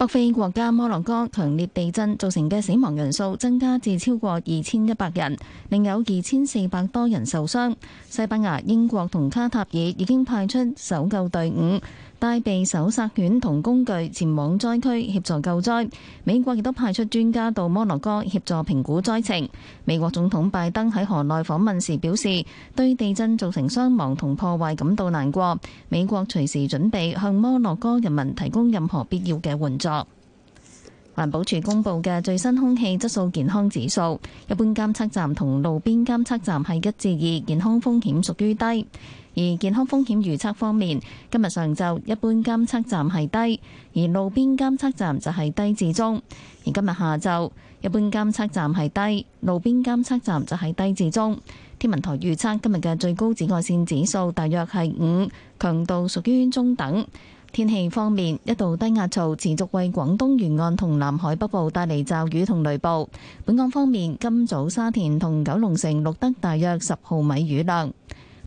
北非國家摩洛哥強烈地震造成嘅死亡人數增加至超過二千一百人，另有二千四百多人受傷。西班牙、英國同卡塔爾已經派出搜救隊伍。帶備搜殺犬同工具前往災區協助救災。美國亦都派出專家到摩洛哥協助評估災情。美國總統拜登喺河內訪問時表示，對地震造成傷亡同破壞感到難過。美國隨時準備向摩洛哥人民提供任何必要嘅援助。環保署公布嘅最新空氣質素健康指數，一般監測站同路邊監測站係一至二，健康風險屬於低。而健康風險預測方面，今日上晝一般監測站係低，而路邊監測站就係低至中。而今日下晝一般監測站係低，路邊監測站就係低至中。天文台預測今日嘅最高紫外線指數大約係五，強度屬於中等。天氣方面，一道低壓槽持續為廣東沿岸同南海北部帶嚟驟雨同雷暴。本港方面，今早沙田同九龍城錄得大約十毫米雨量。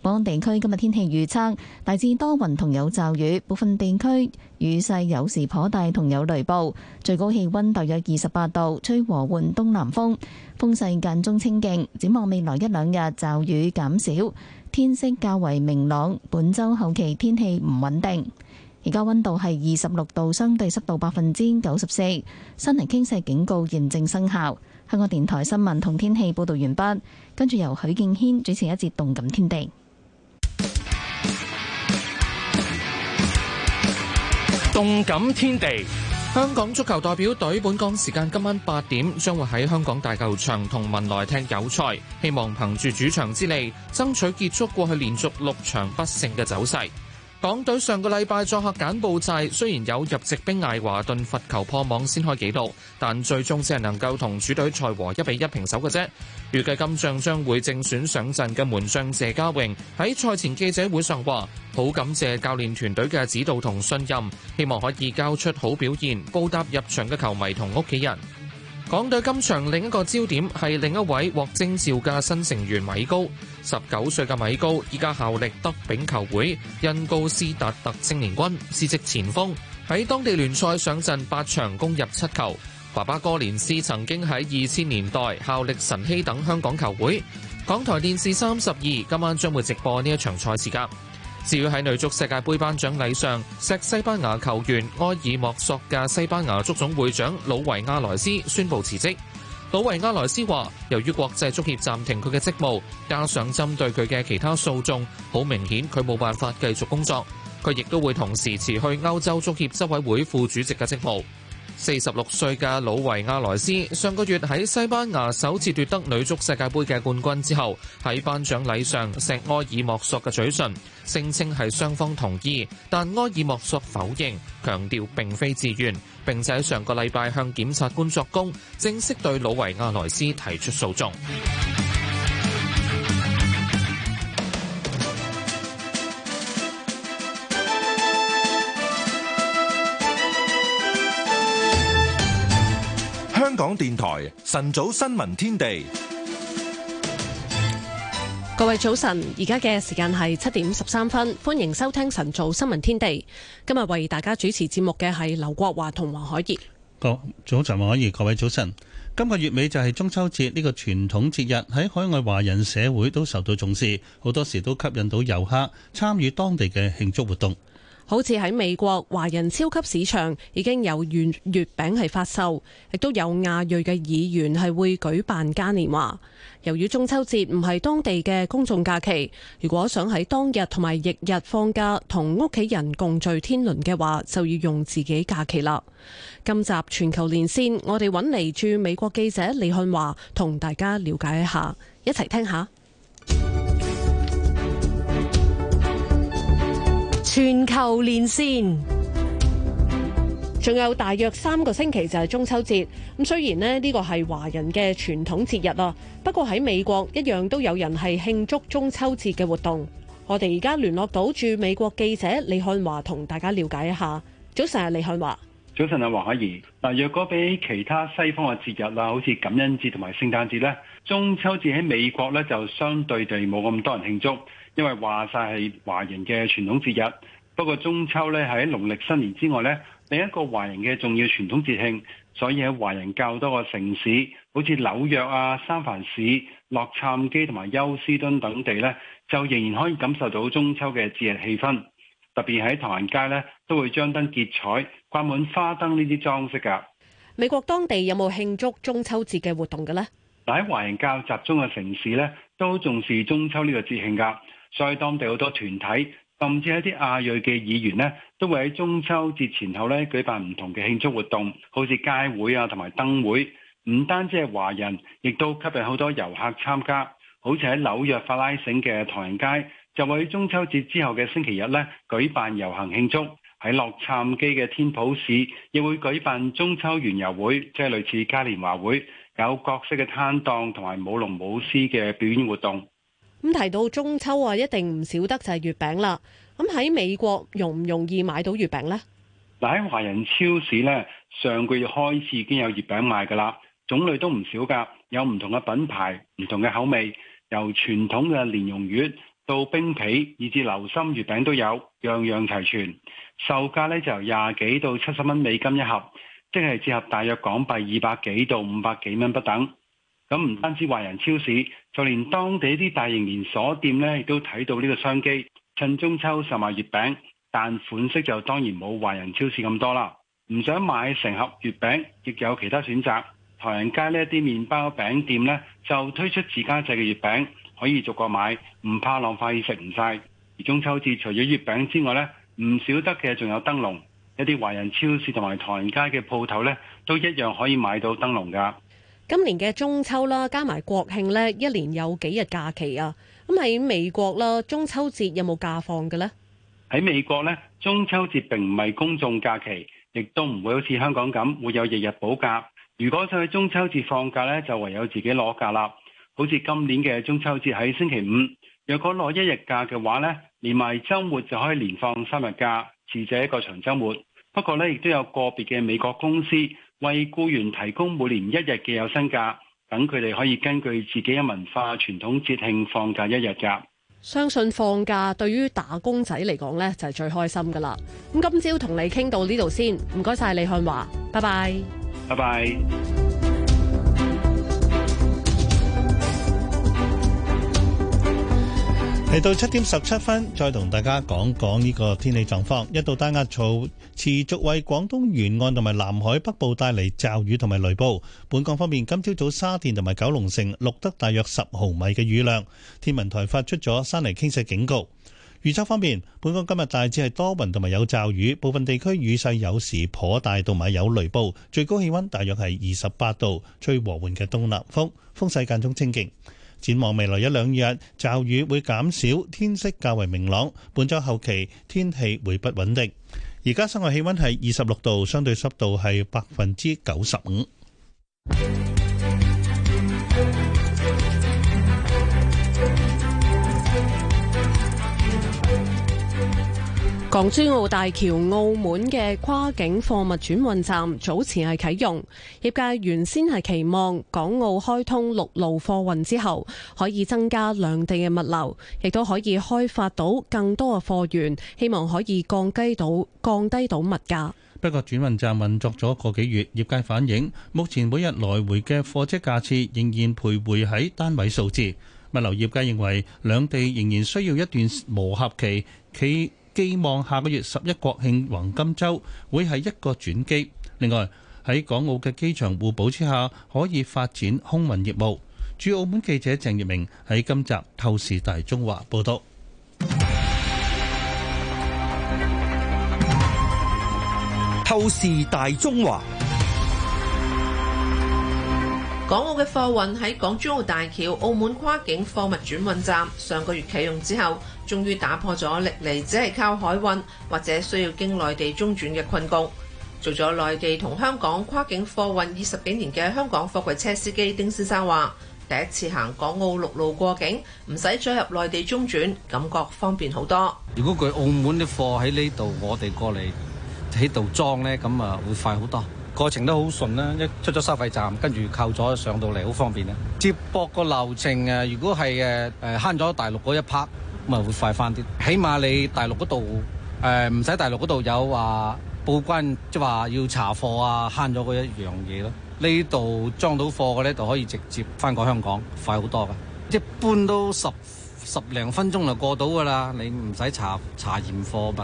本港地區今日天氣預測，大致多雲同有驟雨，部分地區雨勢有時頗大同有雷暴。最高氣溫大約二十八度，吹和緩東南風，風勢間中清勁。展望未來一兩日驟雨減少，天色較為明朗。本周後期天氣唔穩定。而家溫度係二十六度，相對濕度百分之九十四。山泥傾瀉警告現正生效。香港電台新聞同天氣報道完畢，跟住由許敬軒主持一節《動感天地》。動感天地，香港足球代表隊本港時間今晚八點將會喺香港大球場同文萊踢友賽，希望憑住主場之利，爭取結束過去連續六場不勝嘅走勢。港隊上個禮拜作客柬埔寨，雖然有入籍兵艾華頓罰球破網先開紀錄，但最終只係能夠同主隊賽和一比一平手嘅啫。預計今仗將會正選上陣嘅門將謝家榮喺賽前記者會上話，好感謝教練團隊嘅指導同信任，希望可以交出好表現，報答入場嘅球迷同屋企人。港隊今場另一個焦點係另一位獲徵召嘅新成員米高，十九歲嘅米高依家效力德丙球會因高斯達特,特青年軍，司職前鋒，喺當地聯賽上陣八場攻入七球。爸爸哥連斯曾經喺二千年代效力晨曦等香港球會。港台電視三十二今晚將會直播呢一場賽事噶。至於喺女足世界盃頒獎禮上，錫西班牙球員埃爾莫索嘅西班牙足總會長魯維亞萊斯宣布辭職。魯維亞萊斯話：由於國際足協暫停佢嘅職務，加上針對佢嘅其他訴訟，好明顯佢冇辦法繼續工作。佢亦都會同時辭去歐洲足協執委會副主席嘅職務。四十六歲嘅魯維亞萊斯上個月喺西班牙首次奪得女足世界盃嘅冠軍之後，喺頒獎禮上錫埃爾莫索嘅嘴唇，聲稱係雙方同意，但埃爾莫索否認，強調並非自願。並且喺上個禮拜向檢察官作供，正式對魯維亞萊斯提出訴訟。電台晨早新聞天地，各位早晨，而家嘅時間係七點十三分，歡迎收聽晨早新聞天地。今日為大家主持節目嘅係劉國華同黃海怡。各早晨，黃海怡，各位早晨。今個月尾就係中秋節呢、這個傳統節日，喺海外華人社會都受到重視，好多時都吸引到遊客參與當地嘅慶祝活動。好似喺美國，華人超級市場已經有月月餅係發售，亦都有亞裔嘅議員係會舉辦嘉年華。由於中秋節唔係當地嘅公眾假期，如果想喺當日同埋翌日放假同屋企人共聚天倫嘅話，就要用自己假期啦。今集全球連線，我哋揾嚟駐美國記者李漢華同大家了解一下，一齊聽一下。全球連線，仲有大約三個星期就係中秋節。咁雖然呢呢個係華人嘅傳統節日啊，不過喺美國一樣都有人係慶祝中秋節嘅活動。我哋而家聯絡到駐美國記者李漢華同大家了解一下。早晨啊，李漢華。早晨啊，黃可兒。嗱，若果比其他西方嘅節日啦，好似感恩節同埋聖誕節咧，中秋節喺美國咧就相對地冇咁多人慶祝。因為話晒係華人嘅傳統節日，不過中秋咧喺農曆新年之外咧，另一個華人嘅重要傳統節慶，所以喺華人較多嘅城市，好似紐約啊、三藩市、洛杉磯同埋休斯敦等地咧，就仍然可以感受到中秋嘅節日氣氛。特別喺唐人街咧，都會張燈結彩、掛滿花燈呢啲裝飾㗎。美國當地有冇慶祝中秋節嘅活動嘅咧？喺華人較集中嘅城市咧，都好重視中秋呢個節慶㗎。所以當地好多團體，甚至一啲亞裔嘅議員呢，都會喺中秋節前後咧舉辦唔同嘅慶祝活動，好似街會啊，同埋燈會。唔單止係華人，亦都吸引好多遊客參加。好似喺紐約法拉盛嘅唐人街，就會喺中秋節之後嘅星期日咧舉辦遊行慶祝。喺洛杉磯嘅天普市，亦會舉辦中秋園遊會，即係類似嘉年華會，有各式嘅攤檔同埋舞龍舞獅嘅表演活動。咁提到中秋啊，一定唔少得就係月餅啦。咁喺美國容唔容易買到月餅咧？嗱，喺華人超市咧，上個月開始已經有月餅賣噶啦，種類都唔少噶，有唔同嘅品牌、唔同嘅口味，由傳統嘅蓮蓉月到冰皮，以至流心月餅都有，樣樣齊全。售價咧就由廿幾到七十蚊美金一盒，即係折合大約港幣二百幾到五百幾蚊不等。咁唔單止華人超市，就連當地啲大型連鎖店呢亦都睇到呢個商機，趁中秋售賣月餅，但款式就當然冇華人超市咁多啦。唔想買成盒月餅，亦有其他選擇。唐人街呢啲麵包餅店呢，就推出自家製嘅月餅，可以逐個買，唔怕浪費食唔晒。而中秋節除咗月餅之外呢，唔少得嘅仲有燈籠，一啲華人超市同埋唐人街嘅鋪頭呢，都一樣可以買到燈籠㗎。今年嘅中秋啦，加埋國慶咧，一年有幾日假期啊？咁喺美國啦，中秋節有冇假放嘅呢？喺美國咧，中秋節並唔係公眾假期，亦都唔會好似香港咁會有日日補假。如果喺中秋節放假咧，就唯有自己攞假啦。好似今年嘅中秋節喺星期五，若果攞一日假嘅話咧，連埋周末就可以連放三日假，至少一個長周末。不過咧，亦都有個別嘅美國公司。為僱員提供每年一日嘅有薪假，等佢哋可以根據自己嘅文化傳統節慶放假一日假。相信放假對於打工仔嚟講咧就係最開心噶啦。咁今朝同你傾到呢度先，唔該晒李漢華，拜拜，拜拜。嚟到七點十七分，再同大家講講呢個天氣狀況。一道低壓槽持續為廣東沿岸同埋南海北部帶嚟驟雨同埋雷暴。本港方面，今朝早沙田同埋九龍城錄得大約十毫米嘅雨量。天文台發出咗山泥傾瀉警告。預測方面，本港今日大致係多雲同埋有驟雨，部分地區雨勢有時頗大，同埋有雷暴。最高氣温大約係二十八度，吹和緩嘅東南風，風勢間中清勁。展望未來一兩日，驟雨會減少，天色較為明朗。本週後期天氣會不穩定。而家室外氣溫係二十六度，相對濕度係百分之九十五。港珠澳大橋澳門嘅跨境貨物轉運站早前係啟用，業界原先係期望港澳開通陸路貨運之後，可以增加兩地嘅物流，亦都可以開發到更多嘅貨源，希望可以降低到降低到物價。不過，轉運站運作咗個幾月，業界反映目前每日來回嘅貨車價次仍然徘徊喺單位數字。物流業界認為兩地仍然需要一段磨合期，企。寄望下個月十一國慶黃金周會係一個轉機。另外喺港澳嘅機場互補之下，可以發展空運業務。駐澳門記者鄭月明喺今集透視大中華報道。透視大中華，報導透視大中華，港澳嘅貨運喺港珠澳大橋、澳門跨境貨物轉運站上個月啟用之後。終於打破咗歷嚟只係靠海運或者需要經內地中轉嘅困局。做咗內地同香港跨境貨運二十幾年嘅香港貨櫃車司機丁先生話：第一次行港澳陸路過境，唔使再入內地中轉，感覺方便好多。如果佢澳門啲貨喺呢度，我哋過嚟喺度裝呢，咁啊會快好多。過程都好順啦，一出咗收費站，跟住靠咗上到嚟，好方便呀。接駁個流程啊，如果係誒誒慳咗大陸嗰一 part。咁啊會快翻啲，起碼你大陸嗰度誒唔使大陸嗰度有話報關，即係話要查貨啊，慳咗嗰一樣嘢咯。呢度裝到貨嘅咧，就可以直接翻過香港，快好多㗎。一般都十十零分鐘就過到㗎啦，你唔使查查驗貨物。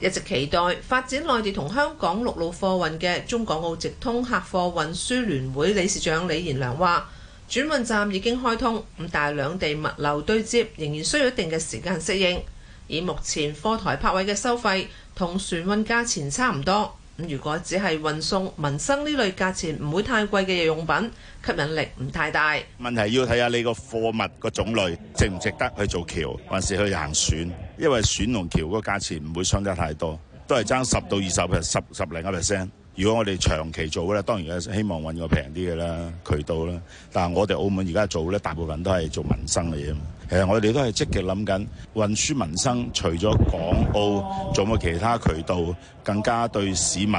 一直期待發展內地同香港陸路貨運嘅中港澳直通客貨運輸聯會理事長李賢良話，轉運站已經開通，咁但係兩地物流對接仍然需要一定嘅時間適應。以目前貨台泊位嘅收費同船運價錢差唔多，咁如果只係運送民生呢類價錢唔會太貴嘅日用品，吸引力唔太大。問題要睇下你個貨物個種類值唔值得去做橋，還是去行船，因為船龍橋嗰個價錢唔會相差太多，都係爭十到二十十十零個 percent。如果我哋長期做咧，當然係希望搵個平啲嘅啦，渠道啦。但係我哋澳門而家做咧，大部分都係做民生嘅嘢。其實我哋都係積極諗緊，運輸民生除咗港澳，仲有冇其他渠道更加對市民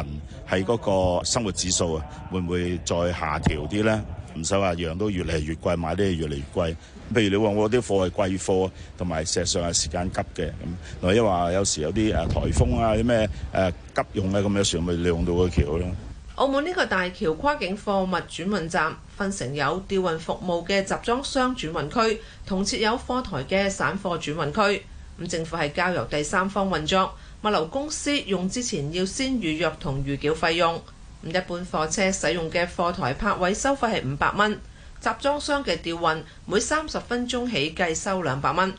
喺嗰個生活指數啊，會唔會再下調啲呢？唔使話，樣都越嚟越貴，買啲嘢越嚟越貴。譬如你話我啲貨係貴貨，同埋實際上係時間急嘅咁，又一話有時有啲誒颱風啊啲咩誒急用嘅、啊、咁，有時咪利用到個橋咯。澳門呢個大橋跨境貨物轉運站分成有吊運服務嘅集裝箱轉運區，同設有貨台嘅散貨轉運區。咁政府係交由第三方運作，物流公司用之前要先預約同預繳費用。咁一般貨車使用嘅貨台泊位收費係五百蚊，集裝箱嘅吊運每三十分鐘起計收兩百蚊，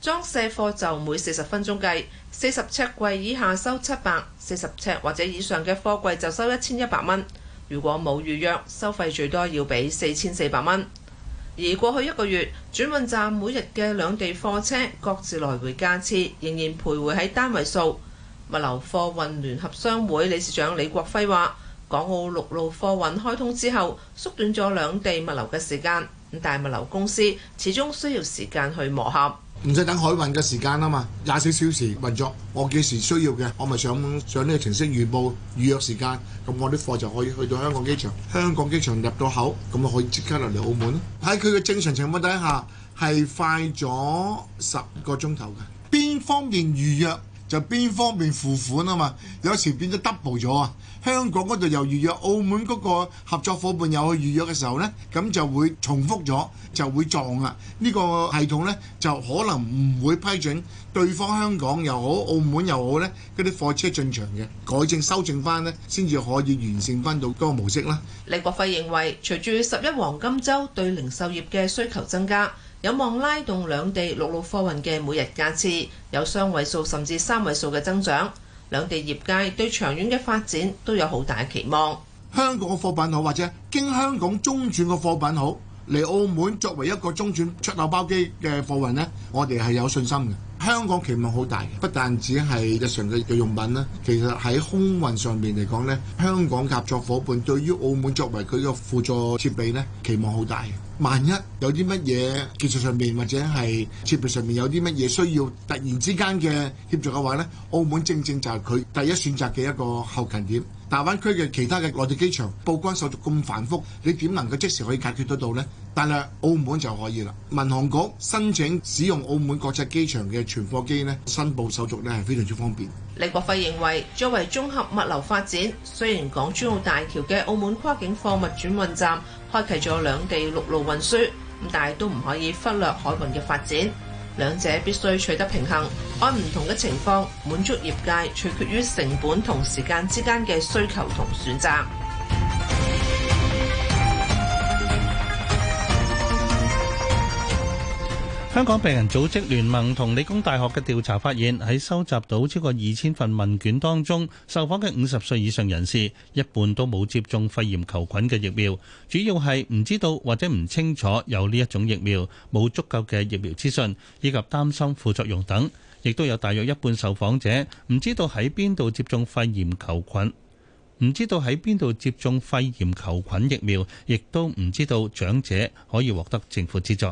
裝卸貨就每四十分鐘計，四十尺櫃以下收七百，四十尺或者以上嘅貨櫃就收一千一百蚊。如果冇預約，收費最多要俾四千四百蚊。而過去一個月，轉運站每日嘅兩地貨車各自來回架次，仍然徘徊喺單位數。物流貨運聯合商會理事長李國輝話。港澳陸路貨運開通之後，縮短咗兩地物流嘅時間。咁但係物流公司始終需要時間去磨合。唔使等海運嘅時間啊嘛，廿四小時運作，我幾時需要嘅，我咪上上呢個程式預報預約時間，咁我啲貨就可以去到香港機場。香港機場入到口，咁啊可以即刻落嚟澳門。喺佢嘅正常情況底下，係快咗十個鐘頭嘅。邊方面預約就邊方面付款啊嘛。有時變咗 double 咗啊！香港嗰度又預約，澳門嗰個合作伙伴又去預約嘅時候呢，咁就會重複咗，就會撞喇。呢個系統呢，就可能唔會批准對方香港又好，澳門又好呢，嗰啲貨車進場嘅，改正修正翻呢，先至可以完成翻到嗰個模式啦。李國輝認為，隨住十一黃金週對零售業嘅需求增加，有望拉動兩地陸路貨運嘅每日架次有雙位數甚至三位數嘅增長。兩地業界對長遠嘅發展都有好大嘅期望。香港嘅貨品好，或者經香港中轉嘅貨品好，嚟澳門作為一個中轉出口包機嘅貨運呢，我哋係有信心嘅。香港期望好大，不但只係日常嘅用品，其實喺空運上面嚟講呢，香港合作伙伴對於澳門作為佢嘅輔助設備呢，期望好大。萬一有啲乜嘢技術上面，或者係設備上面有啲乜嘢需要突然之間嘅協助嘅話呢，澳門正正就係佢第一選擇嘅一個後勤點。大灣區嘅其他嘅內地機場報關手續咁繁複，你點能夠即時可以解決得到咧？但係澳門就可以啦。民航局申請使用澳門國際機場嘅全貨機咧，申報手續咧係非常之方便。李國輝認為，作為綜合物流發展，雖然港珠澳大橋嘅澳門跨境貨物轉運站開啟咗兩地陸路運輸，咁但係都唔可以忽略海運嘅發展。兩者必須取得平衡，按唔同嘅情況滿足業界，取決於成本同時間之間嘅需求同選擇。香港病人組織聯盟同理工大學嘅調查發現，喺收集到超過二千份問卷當中，受訪嘅五十歲以上人士一半都冇接種肺炎球菌嘅疫苗，主要係唔知道或者唔清楚有呢一種疫苗，冇足夠嘅疫苗資訊，以及擔心副作用等。亦都有大約一半受訪者唔知道喺邊度接種肺炎球菌，唔知道喺邊度接種肺炎球菌疫苗，亦都唔知道長者可以獲得政府資助。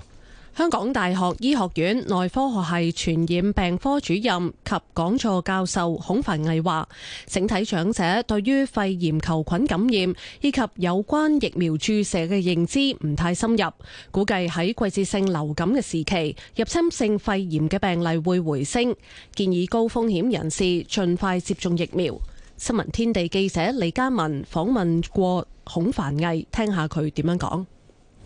香港大學醫學院內科學系傳染病科主任及講座教授孔凡毅話，整體長者對於肺炎球菌感染以及有關疫苗注射嘅認知唔太深入，估計喺季節性流感嘅時期，入侵性肺炎嘅病例會回升，建議高風險人士盡快接種疫苗。新聞天地記者李家文訪問過孔凡毅，聽下佢點樣講。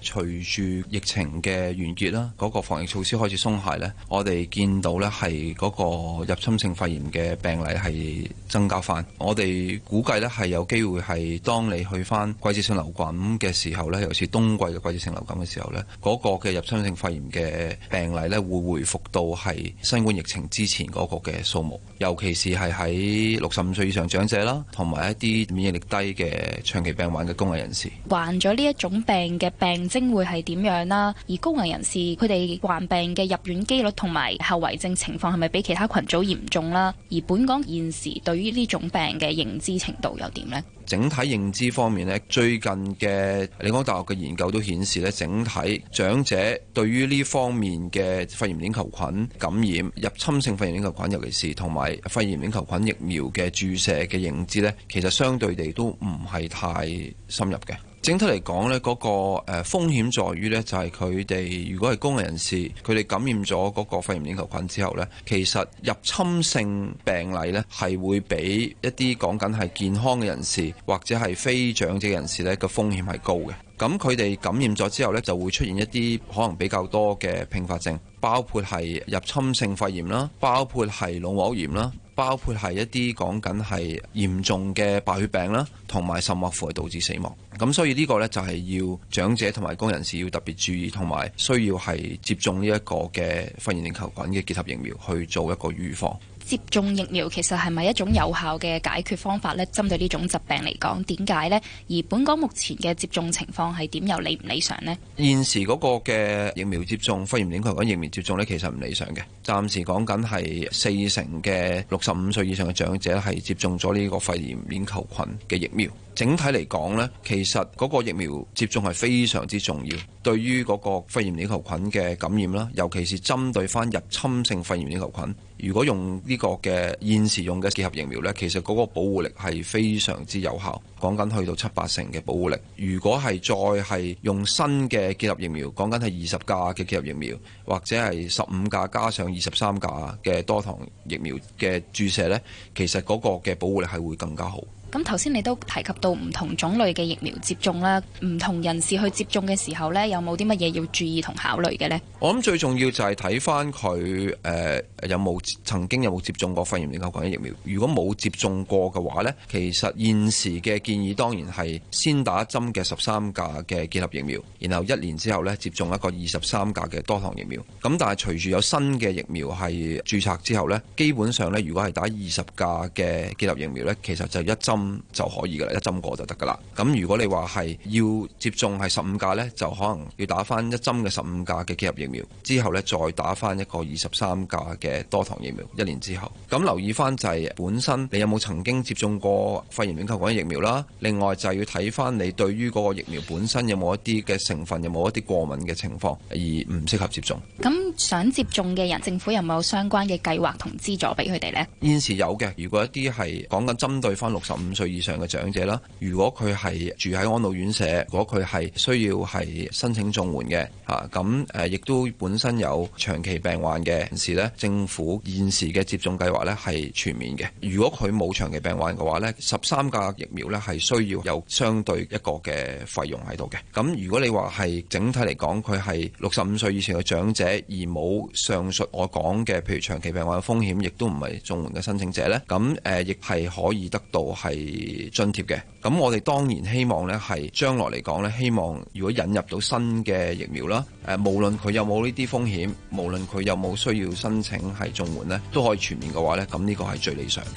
隨住疫情嘅完結啦，嗰個防疫措施開始鬆懈呢，我哋見到呢係嗰個入侵性肺炎嘅病例係增加翻。我哋估計呢係有機會係當你去翻季節性流感嘅時候呢，尤其是冬季嘅季節性流感嘅時候呢，嗰個嘅入侵性肺炎嘅病例呢會回復到係新冠疫情之前嗰個嘅數目，尤其是係喺六十五歲以上長者啦，同埋一啲免疫力低嘅長期病患嘅公眾人士。患咗呢一種病嘅病，會係點樣啦？而高危人士佢哋患病嘅入院機率同埋後遺症情況係咪比其他群組嚴重啦？而本港現時對於呢種病嘅認知程度又點呢？整體認知方面呢，最近嘅理工大學嘅研究都顯示呢，整體長者對於呢方面嘅肺炎鏈球菌感染、入侵性肺炎鏈球菌，尤其是同埋肺炎鏈球菌疫苗嘅注射嘅認知呢，其實相對地都唔係太深入嘅。整體嚟講呢，嗰個誒風險在於呢，就係佢哋如果係公人人士，佢哋感染咗嗰個肺炎鏈球菌之後呢，其實入侵性病例呢係會比一啲講緊係健康嘅人士或者係非長者人士呢個風險係高嘅。咁佢哋感染咗之後呢，就會出現一啲可能比較多嘅併發症，包括係入侵性肺炎啦，包括係腦膜炎啦。包括係一啲講緊係嚴重嘅白血病啦，同埋甚至乎係導致死亡。咁所以呢個呢，就係要長者同埋工人士要特別注意，同埋需要係接種呢一個嘅肺炎鏈球菌嘅結合疫苗去做一個預防。接種疫苗其實係咪一種有效嘅解決方法呢？針對呢種疾病嚟講，點解呢？而本港目前嘅接種情況係點？又理唔理想呢？現時嗰個嘅疫苗接種肺炎鏈球菌疫苗接種呢，其實唔理想嘅。暫時講緊係四成嘅六十五歲以上嘅長者係接種咗呢個肺炎鏈球菌嘅疫苗。整體嚟講呢，其實嗰個疫苗接種係非常之重要，對於嗰個肺炎鏈球菌嘅感染啦，尤其是針對翻入侵性肺炎鏈球菌，如果用呢個嘅現時用嘅結合疫苗咧，其實嗰個保護力係非常之有效，講緊去到七八成嘅保護力。如果係再係用新嘅結合疫苗，講緊係二十價嘅結合疫苗，或者係十五價加上二十三價嘅多糖疫苗嘅注射咧，其實嗰個嘅保護力係會更加好。咁頭先你都提及到唔同種類嘅疫苗接種啦，唔同人士去接種嘅時候呢，有冇啲乜嘢要注意同考慮嘅呢？我諗最重要就係睇翻佢誒有冇曾經有冇接種過肺炎鏈球菌疫苗。如果冇接種過嘅話呢，其實現時嘅建議當然係先打一針嘅十三價嘅結合疫苗，然後一年之後呢，接種一個二十三價嘅多糖疫苗。咁但係隨住有新嘅疫苗係註冊之後呢，基本上呢，如果係打二十價嘅結合疫苗呢，其實就一針。就可以噶啦，一針過就得噶啦。咁如果你話係要接種係十五價呢，就可能要打翻一針嘅十五價嘅結合疫苗，之後呢再打翻一個二十三價嘅多糖疫苗，一年之後。咁留意翻就係本身你有冇曾經接種過肺炎鏈球菌疫苗啦。另外就係要睇翻你對於嗰個疫苗本身有冇一啲嘅成分，有冇一啲過敏嘅情況而唔適合接種。咁想接種嘅人，政府有冇相關嘅計劃同資助俾佢哋呢？現時有嘅，如果一啲係講緊針對翻六十五。五歲以上嘅長者啦，如果佢係住喺安老院舍，如果佢係需要係申請綜援嘅吓，咁誒亦都本身有長期病患嘅人士呢，政府現時嘅接種計劃呢係全面嘅。如果佢冇長期病患嘅話呢，十三價疫苗呢係需要有相對一個嘅費用喺度嘅。咁如果你話係整體嚟講，佢係六十五歲以前嘅長者，而冇上述我講嘅，譬如長期病患嘅風險，亦都唔係綜援嘅申請者呢。咁誒亦係可以得到係，係津貼嘅，咁我哋當然希望咧，係將來嚟講咧，希望如果引入到新嘅疫苗啦，誒，無論佢有冇呢啲風險，無論佢有冇需要申請係綜援咧，都可以全面嘅話咧，咁呢個係最理想嘅。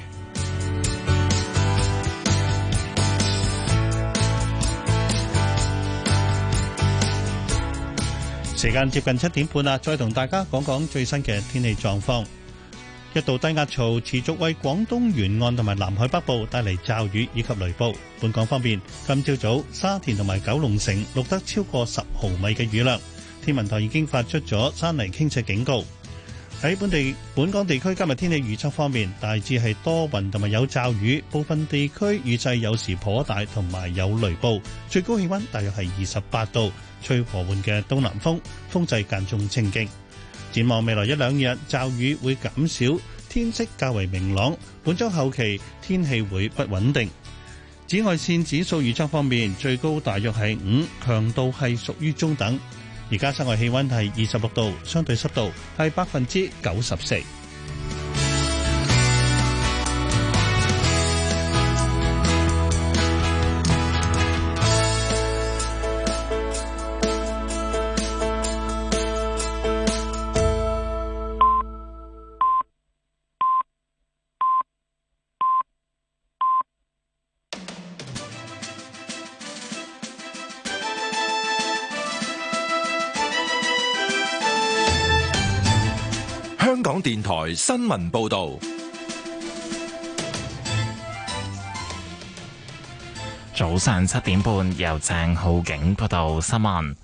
時間接近七點半啦，再同大家講講最新嘅天氣狀況。一道低壓槽持續為廣東沿岸同埋南海北部帶嚟驟雨以及雷暴。本港方面，今朝早沙田同埋九龍城錄得超過十毫米嘅雨量，天文台已經發出咗山泥傾瀉警告。喺本地本港地區今日天氣預測方面，大致係多雲同埋有驟雨，部分地區雨勢有時頗大，同埋有雷暴。最高氣溫大約係二十八度，吹和緩嘅東南風，風勢間中清勁。展望未來一兩日，驟雨會減少，天色較為明朗。本周後期天氣會不穩定。紫外線指數預測方面，最高大約係五，強度係屬於中等。而家室外氣溫係二十六度，相對濕度係百分之九十四。新聞報道，早上七點半由鄭浩景報道新聞。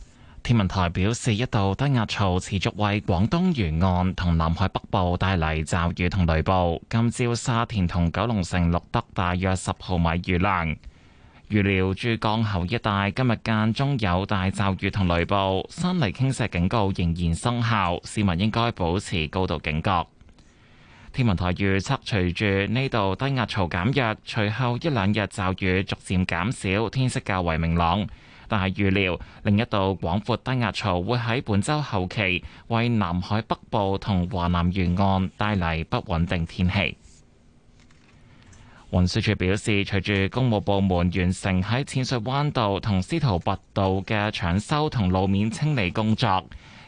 天文台表示，一道低壓槽持續為廣東沿岸同南海北部帶嚟驟雨同雷暴。今朝沙田同九龍城錄得大約十毫米雨量。預料珠江口一帶今日間中有大驟雨同雷暴，山泥傾瀉警告仍然生效，市民應該保持高度警覺。天文台預測，隨住呢道低壓槽減弱，隨後一兩日驟雨逐漸減少，天色較為明朗。但係預料另一道廣闊低壓槽會喺本週後期為南海北部同華南沿岸帶嚟不穩定天氣。運輸署表示，隨住公務部門完成喺淺水灣道同司徒拔道嘅搶修同路面清理工作。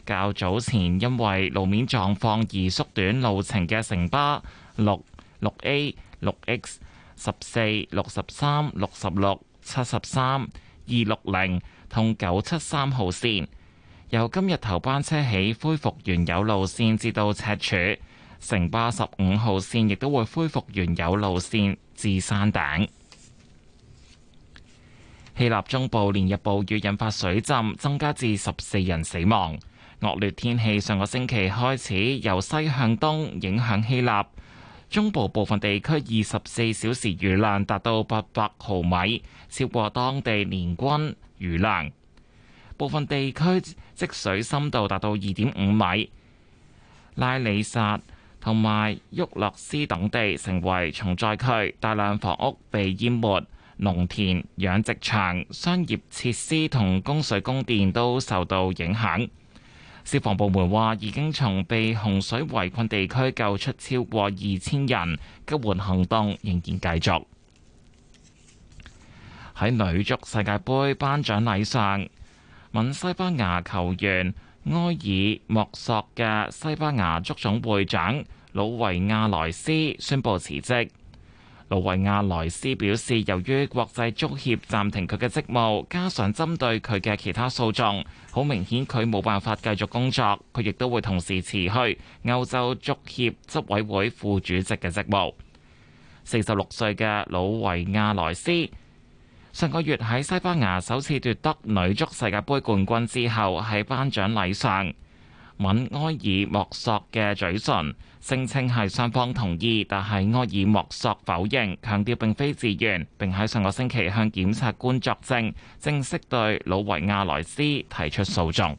較早前因為路面狀況而縮短路程嘅城巴六、六 A、六 X、十四、六十三、六十六、七十三、二六零同九七三號線，由今日頭班車起恢復原有路線至到赤柱。城巴十五號線亦都會恢復原有路線至山頂。希臘中部連日暴雨引發水浸，增加至十四人死亡。惡劣天氣上個星期開始由西向東影響希臘中部部分地區，二十四小時雨量達到八百毫米，超過當地年均雨量。部分地區積水深度達到二點五米，拉里薩同埋沃洛斯等地成為重災區，大量房屋被淹沒，農田、養殖場、商業設施同供水供電都受到影響。消防部門話已經從被洪水圍困地區救出超過二千人，救援行動仍然繼續。喺女足世界盃頒獎禮上，吻西班牙球員埃爾莫索嘅西班牙足總會長魯維亞萊斯宣布辭職。魯維亞萊斯表示，由於國際足協暫停佢嘅職務，加上針對佢嘅其他訴訟，好明顯佢冇辦法繼續工作，佢亦都會同時辭去歐洲足協執委會副主席嘅職務。四十六歲嘅魯維亞萊斯上個月喺西班牙首次奪得女足世界盃冠軍之後，喺頒獎禮上吻埃爾莫索嘅嘴唇。聲稱係雙方同意，但係埃爾莫索否認，強調並非自願，並喺上個星期向檢察官作證，正式對魯維亞萊斯提出訴訟。嗯、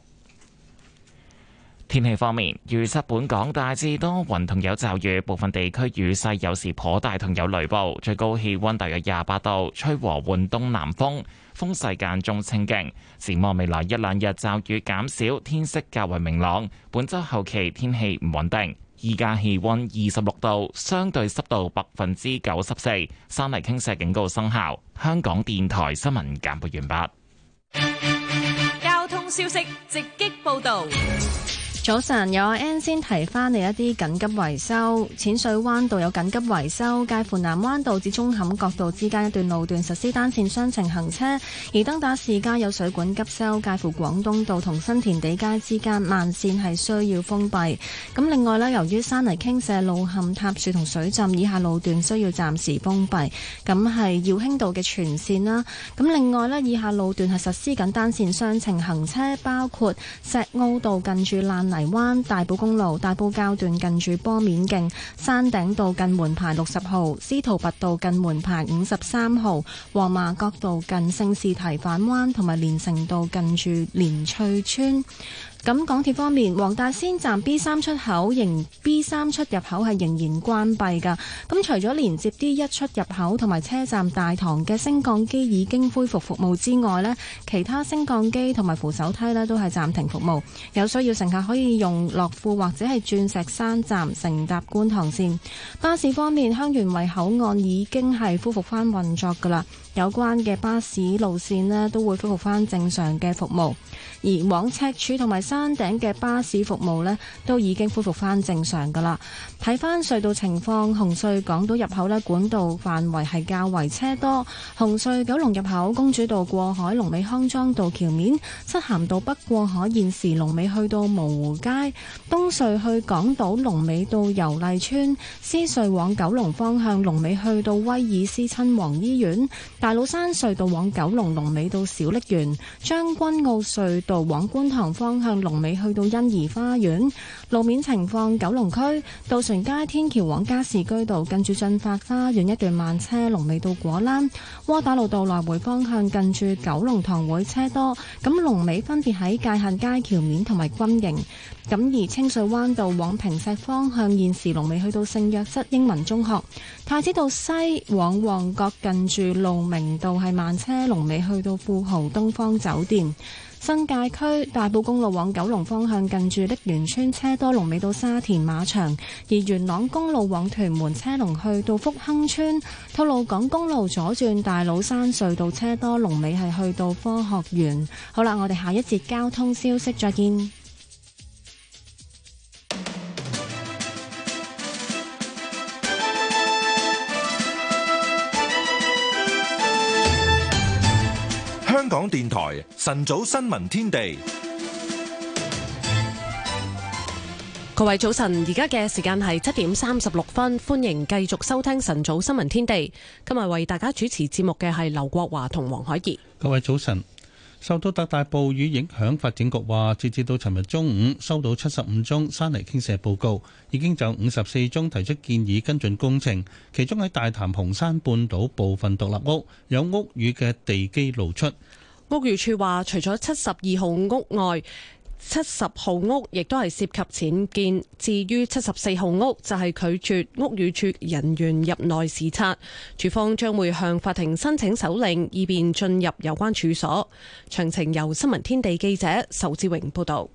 天氣方面，預測本港大致多雲同有驟雨，部分地區雨勢有時頗大，同有雷暴。最高氣温大約廿八度，吹和緩東南風，風勢間中清勁。展望未來一兩日驟雨減少，天色較為明朗。本周後期天氣唔穩定。而家氣溫二十六度，相對濕度百分之九十四，山泥傾瀉警告生效。香港電台新聞簡報完畢。交通消息直擊報道。早晨，有阿 N 先提翻你一啲緊急維修。淺水灣道有緊急維修，介乎南灣道至中坎角道之間一段路段實施單線雙程行車。而登打士街有水管急修，介乎廣東道同新填地街之間慢線係需要封閉。咁另外呢，由於山泥傾瀉、路陷、塌樹同水浸，以下路段需要暫時封閉。咁係耀興道嘅全線啦。咁另外呢，以下路段係實施緊單線雙程行車，包括石澳道近住爛泥灣大埔公路大埔滘段近住波面徑，山頂道近門牌六十號，司徒拔道近門牌五十三號，黃麻角道近聖士提反灣，同埋連城道近住連翠村。咁港鐵方面，黃大仙站 B 三出口仍 B 三出入口係仍然關閉噶。咁除咗連接 D 一出入口同埋車站大堂嘅升降機已經恢復服務之外呢，其他升降機同埋扶手梯呢都係暫停服務。有需要乘客可以用樂富或者係鑽石山站乘搭觀塘線。巴士方面，香園圍口岸已經係恢復翻運作噶啦。有關嘅巴士路線呢都會恢復翻正常嘅服務，而往赤柱同埋山頂嘅巴士服務呢都已經恢復翻正常噶啦。睇翻隧道情況，紅隧港島入口呢管道範圍係較為車多；紅隧九龍入口、公主道過海、龍尾康莊道橋面、漆咸道北過海現時龍尾去到蕪湖街，東隧去港島龍尾到油麗村，獅隧往九龍方向龍尾去到威爾斯親王醫院。大老山隧道往九龍龍尾到小瀝源，將軍澳隧道往觀塘方向龍尾去到欣怡花園。路面情況，九龍區渡船街天橋往加士居道近住進發花園一段慢車，龍尾到果欄；窩打老道來回方向近住九龍塘會車多，咁龍尾分別喺界限街橋，橋面同埋軍營。咁而清水灣道往坪石方向現時龍尾去到聖約瑟英文中學。太子道西往旺角近住路明道係慢車，龍尾去到富豪東方酒店。新界區大埔公路往九龍方向近住瀝源村車多，龍尾到沙田馬場；而元朗公路往屯門車龍去到福亨村。吐露港公路左轉大老山隧道車多，龍尾係去到科學園。好啦，我哋下一節交通消息再見。港電台晨早新聞天地，各位早晨，而家嘅時間係七點三十六分，歡迎繼續收聽晨早新聞天地。今日為大家主持節目嘅係劉國華同黃海怡。各位早晨，受到特大暴雨影響，發展局話，截至到尋日中午，收到七十五宗山泥傾瀉報告，已經就五十四宗提出建議跟進工程，其中喺大潭紅山半島部分獨立屋有屋宇嘅地基露出。屋宇署話，除咗七十二號屋外，七十號屋亦都係涉及僭建。至於七十四號屋，就係拒絕屋宇署人員入內視察。署方將會向法庭申請手令，以便進入有關處所。詳情由新聞天地記者仇志榮報導。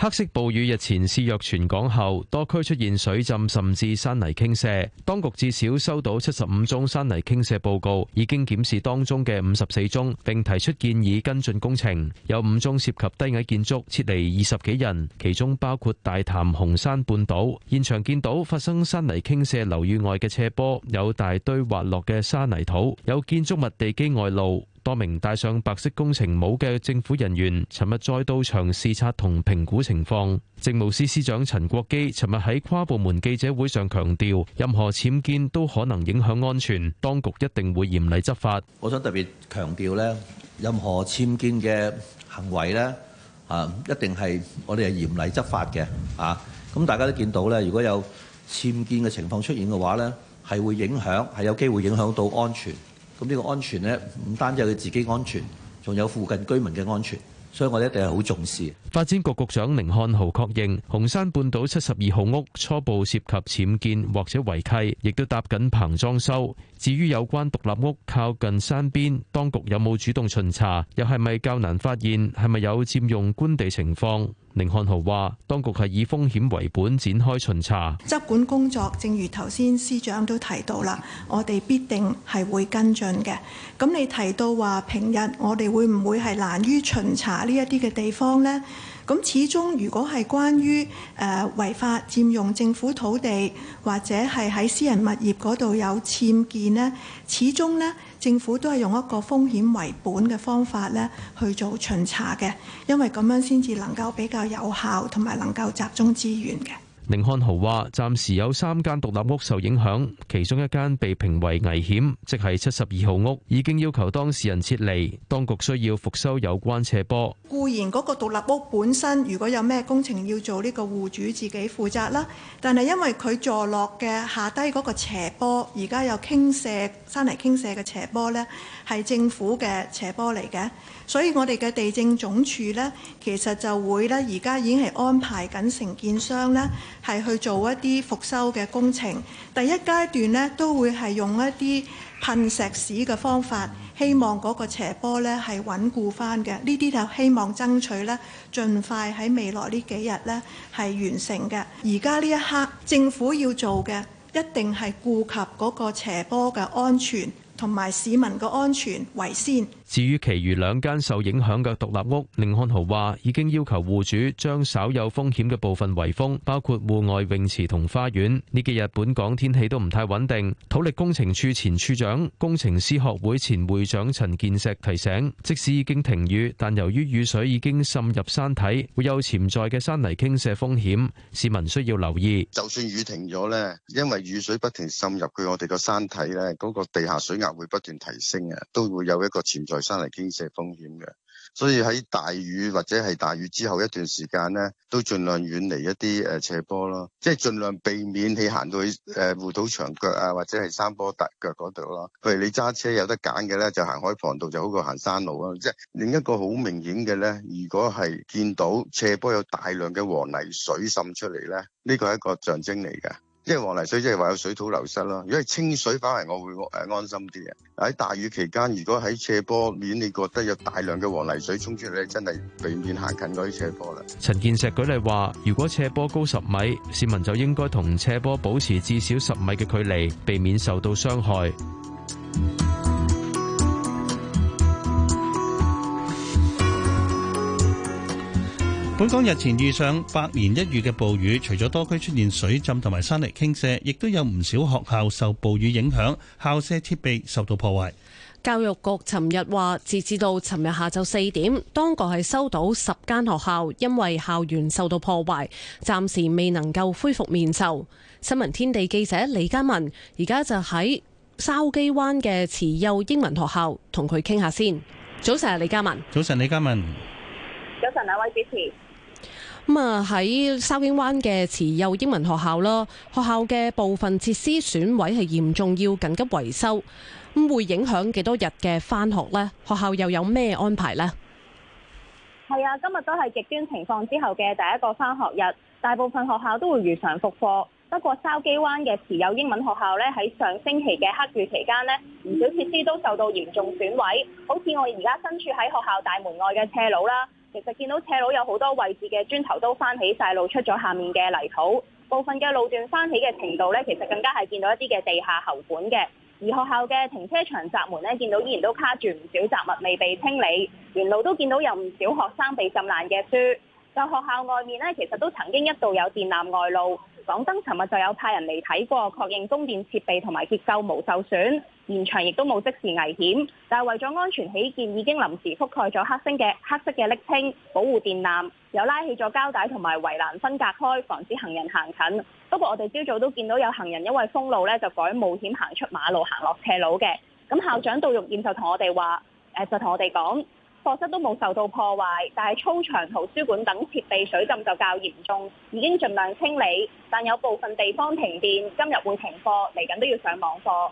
黑色暴雨日前肆虐全港後，多區出現水浸，甚至山泥傾瀉。當局至少收到七十五宗山泥傾瀉報告，已經檢視當中嘅五十四宗，並提出建議跟進工程。有五宗涉及低矮建築，撤離二十幾人，其中包括大潭紅山半島。現場見到發生山泥傾瀉樓宇外嘅斜坡，有大堆滑落嘅山泥土，有建築物地基外露。多名戴上白色工程帽嘅政府人員尋日再到場視察同評估情況，政務司司長陳國基尋日喺跨部門記者會上強調，任何僭建都可能影響安全，當局一定會嚴厲執法。我想特別強調咧，任何僭建嘅行為咧，啊，一定係我哋係嚴厲執法嘅。啊，咁大家都見到咧，如果有僭建嘅情況出現嘅話咧，係會影響，係有機會影響到安全。咁呢個安全呢，唔單止係佢自己安全，仲有附近居民嘅安全，所以我哋一定係好重視。發展局局長甯漢豪確認，紅山半島七十二號屋初步涉及僭建或者違契，亦都搭緊棚裝修。至於有關獨立屋靠近山邊，當局有冇主動巡查，又係咪較難發現，係咪有佔用官地情況？寧漢豪話：當局係以風險為本展開巡查，執管工作。正如頭先司長都提到啦，我哋必定係會跟進嘅。咁你提到話平日我哋會唔會係難於巡查呢一啲嘅地方呢？咁始終如果係關於誒違法佔用政府土地，或者係喺私人物業嗰度有僭建呢，始終呢。政府都係用一個風險為本嘅方法去做巡查嘅，因為咁樣先至能夠比較有效同埋能夠集中資源嘅。寧漢豪話：暫時有三間獨立屋受影響，其中一間被評為危險，即係七十二號屋，已經要求當事人撤離。當局需要復修有關斜坡。固然嗰個獨立屋本身如果有咩工程要做，呢個戶主自己負責啦。但係因為佢坐落嘅下低嗰個斜坡，而家有傾瀉山泥傾瀉嘅斜坡呢，係政府嘅斜坡嚟嘅。所以我哋嘅地政總署呢，其實就會咧，而家已經係安排緊承建商咧，係去做一啲復修嘅工程。第一階段呢，都會係用一啲噴石屎嘅方法，希望嗰個斜坡呢係穩固翻嘅。呢啲就希望爭取呢，盡快喺未來呢幾日呢係完成嘅。而家呢一刻，政府要做嘅一定係顧及嗰個斜坡嘅安全，同埋市民嘅安全為先。至於其餘兩間受影響的獨立屋，寧漢豪話已經要求戶主將稍有風險的部分圍封，包括戶外泳池同花園。山泥傾瀉風險嘅，所以喺大雨或者係大雨之後一段時間咧，都盡量遠離一啲誒斜坡咯，即係盡量避免你行到去誒護土牆腳啊，或者係山坡腳嗰度咯。譬如你揸車有得揀嘅咧，就行海旁道就好過行山路啊。即係另一個好明顯嘅咧，如果係見到斜坡有大量嘅黃泥水滲出嚟咧，呢個係一個象徵嚟嘅。即係黃泥水，即係話有水土流失咯。如果係清水，反而我會誒安心啲嘅。喺大雨期間，如果喺斜坡面，你覺得有大量嘅黃泥水沖出嚟，真係避免行近嗰啲斜坡啦。陳建石舉例話，如果斜坡高十米，市民就應該同斜坡保持至少十米嘅距離，避免受到傷害。本港日前遇上百年一遇嘅暴雨，除咗多區出現水浸同埋山泥傾瀉，亦都有唔少學校受暴雨影響，校舍設備受到破壞。教育局尋日話，截至到尋日下晝四點，當局係收到十間學校因為校園受到破壞，暫時未能夠恢復面授。新聞天地記者李嘉文而家就喺筲箕灣嘅慈幼英文學校同佢傾下先。早晨，李嘉文。早晨，李嘉文。早晨，兩位主持。咁啊，喺筲箕灣嘅慈幼英文學校啦，學校嘅部分設施損毀係嚴重，要緊急維修，咁會影響幾多日嘅翻學呢？學校又有咩安排呢？係啊，今日都係極端情況之後嘅第一個翻學日，大部分學校都會如常復課。不過筲箕灣嘅慈幼英文學校呢，喺上星期嘅黑雨期間呢，唔少設施都受到嚴重損毀，好似我而家身處喺學校大門外嘅車路啦。其實見到斜路有好多位置嘅磚頭都翻起晒，露出咗下面嘅泥土。部分嘅路段翻起嘅程度咧，其實更加係見到一啲嘅地下喉管嘅。而學校嘅停車場閘門咧，見到依然都卡住唔少雜物未被清理。沿路都見到有唔少學生被浸爛嘅書。就學校外面咧，其實都曾經一度有電纜外露。港燈尋日就有派人嚟睇過，確認供電設備同埋結構無受損，現場亦都冇即時危險。但係為咗安全起見，已經臨時覆蓋咗黑色嘅黑色嘅瀝青，保護電纜，又拉起咗膠帶同埋圍欄分隔開，防止行人行近。不過我哋朝早都見到有行人因為封路咧，就改冒險行出馬路，行落斜路嘅。咁校長杜玉燕就同我哋話，誒就同我哋講。課室都冇受到破壞，但係操場、圖書館等設備水浸就較嚴重，已經盡量清理，但有部分地方停電，今日會停課，嚟緊都要上網課。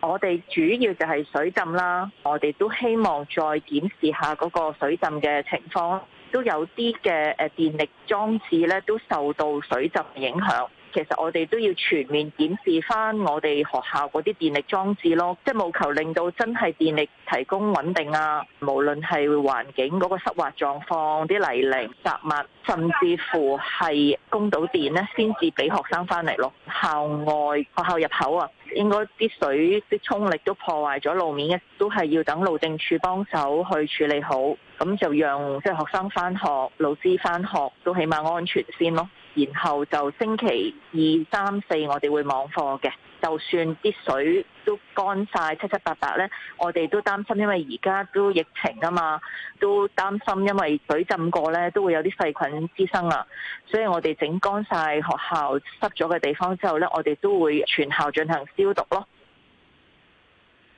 我哋主要就係水浸啦，我哋都希望再檢視下嗰個水浸嘅情況，都有啲嘅誒電力裝置咧都受到水浸影響。其實我哋都要全面檢視翻我哋學校嗰啲電力裝置咯，即係務求令到真係電力提供穩定啊，無論環，無論係環境嗰個濕滑狀況、啲泥濘雜物，甚至乎係供到電呢，先至俾學生翻嚟咯。校外學校入口啊，應該啲水啲沖力都破壞咗路面嘅，都係要等路政處幫手去處理好，咁就讓即係學生翻學、老師翻學都起碼安全先咯。然後就星期二、三、四，我哋會網課嘅。就算啲水都乾晒七七八八咧，我哋都擔心，因為而家都疫情啊嘛，都擔心因為水浸過咧，都會有啲細菌滋生啊。所以我哋整乾晒學校濕咗嘅地方之後咧，我哋都會全校進行消毒咯。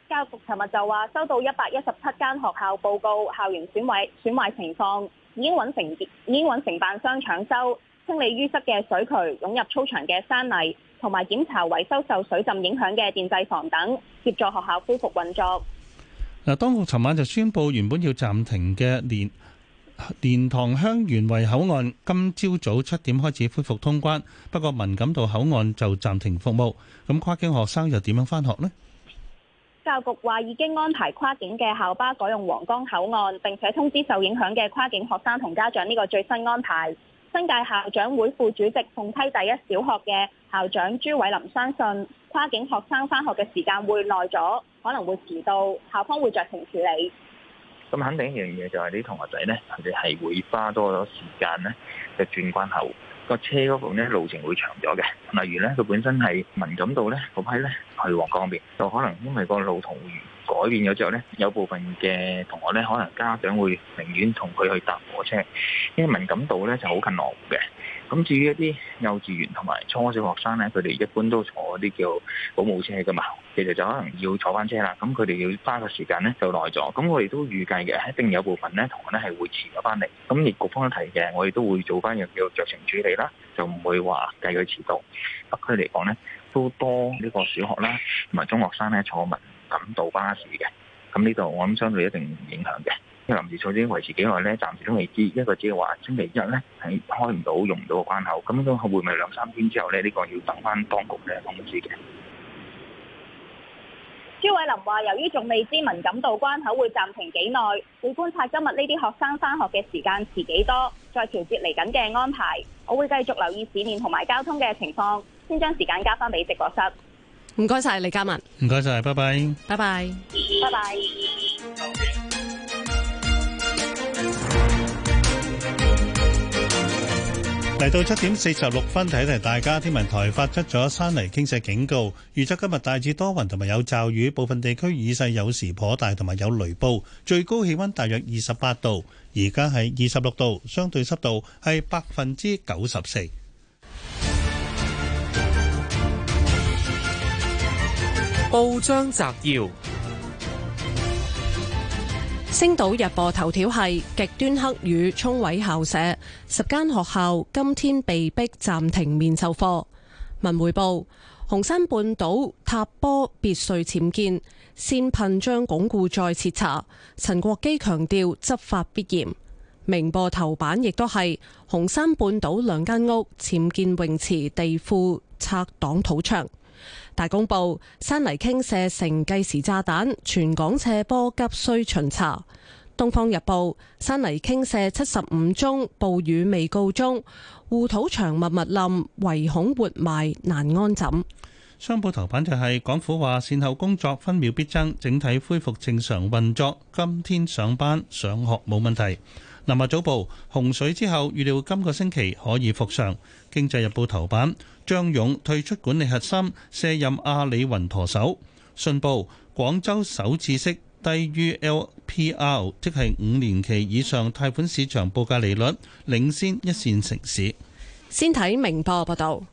教育局尋日就話收到一百一十七間學校報告校園損毀損壞情況，已經揾成已經揾承辦商搶修。清理淤塞嘅水渠、湧入操場嘅山泥，同埋檢查維修受水浸影響嘅電掣房等，協助學校恢復運作。嗱，當局尋晚就宣布，原本要暫停嘅蓮蓮塘香園圍口岸，今朝早七點開始恢復通關，不過文錦渡口岸就暫停服務。咁跨境學生又點樣翻學呢？教育局話已經安排跨境嘅校巴改用皇崗口岸，並且通知受影響嘅跨境學生同家長呢個最新安排。新界校長會副主席鳳溪第一小學嘅校長朱偉林相信，跨境學生返學嘅時間會耐咗，可能會遲到，校方會酌情處理。咁肯定一樣嘢就係啲同學仔呢，佢哋係會花多咗時間呢，就轉關口。個車嗰部呢，路程會長咗嘅。例如呢，佢本身係文錦渡呢，嗰批呢，去皇崗邊，就可能因為個路途改變咗之後呢，有部分嘅同學呢，可能家長會寧願同佢去搭火車，因為敏感度呢就好近羅湖嘅。咁至於一啲幼稚園同埋初小學生呢，佢哋一般都坐嗰啲叫保姆車噶嘛，其實就可能要坐翻車啦。咁佢哋要花個時間呢，就耐咗。咁我哋都預計嘅，一定有部分呢同學呢係會遲咗翻嚟。咁而局方提嘅，我哋都會做翻嘅叫酌情處理啦，就唔會話計佢遲到。北區嚟講呢，都多呢個小學啦同埋中學生呢坐感道巴士嘅，咁呢度我諗相對一定影響嘅。因為臨時措施維持幾耐咧，暫時都未知。一個只係話星期一咧係開唔到、用唔到個關口，咁都會唔會兩三天之後咧？呢個要等翻當局嘅通知嘅。朱偉林話，由於仲未知文錦渡關口會暫停幾耐，會觀察今日呢啲學生返學嘅時間遲幾多，再調節嚟緊嘅安排。我會繼續留意市面同埋交通嘅情況，先將時間交翻俾直播室。唔該晒李嘉文，唔該晒，拜拜，拜拜，拜拜。嚟到七點四十六分，提提大家，天文台發出咗山泥傾瀉警告，預測今日大致多雲同埋有驟雨，部分地區雨勢有時頗大，同埋有雷暴，最高氣溫大約二十八度，而家係二十六度，相對濕度係百分之九十四。報章摘要：星島日報頭條係極端黑雨，沖毀校舍，十間學校今天被迫暫停面授課。文匯報：紅山半島塌坡別墅僭建，先噴漿鞏固再徹查。陳國基強調執法必嚴。明報頭版亦都係紅山半島兩間屋僭建泳池地庫拆擋土牆。大公報：山泥傾瀉成計時炸彈，全港斜坡急需巡查。東方日報：山泥傾瀉七十五宗，暴雨未告終，護土牆密密冧，唯恐活埋難安枕。商報頭版就係港府話善後工作分秒必爭，整體恢復正常運作，今天上班上學冇問題。南華早報：洪水之後，預料今個星期可以復常。經濟日報頭版。張勇退出管理核心，卸任阿里雲舵手。信報：廣州首次息低於 LPR，即係五年期以上貸款市場報價利率，領先一線城市。先睇明報報道。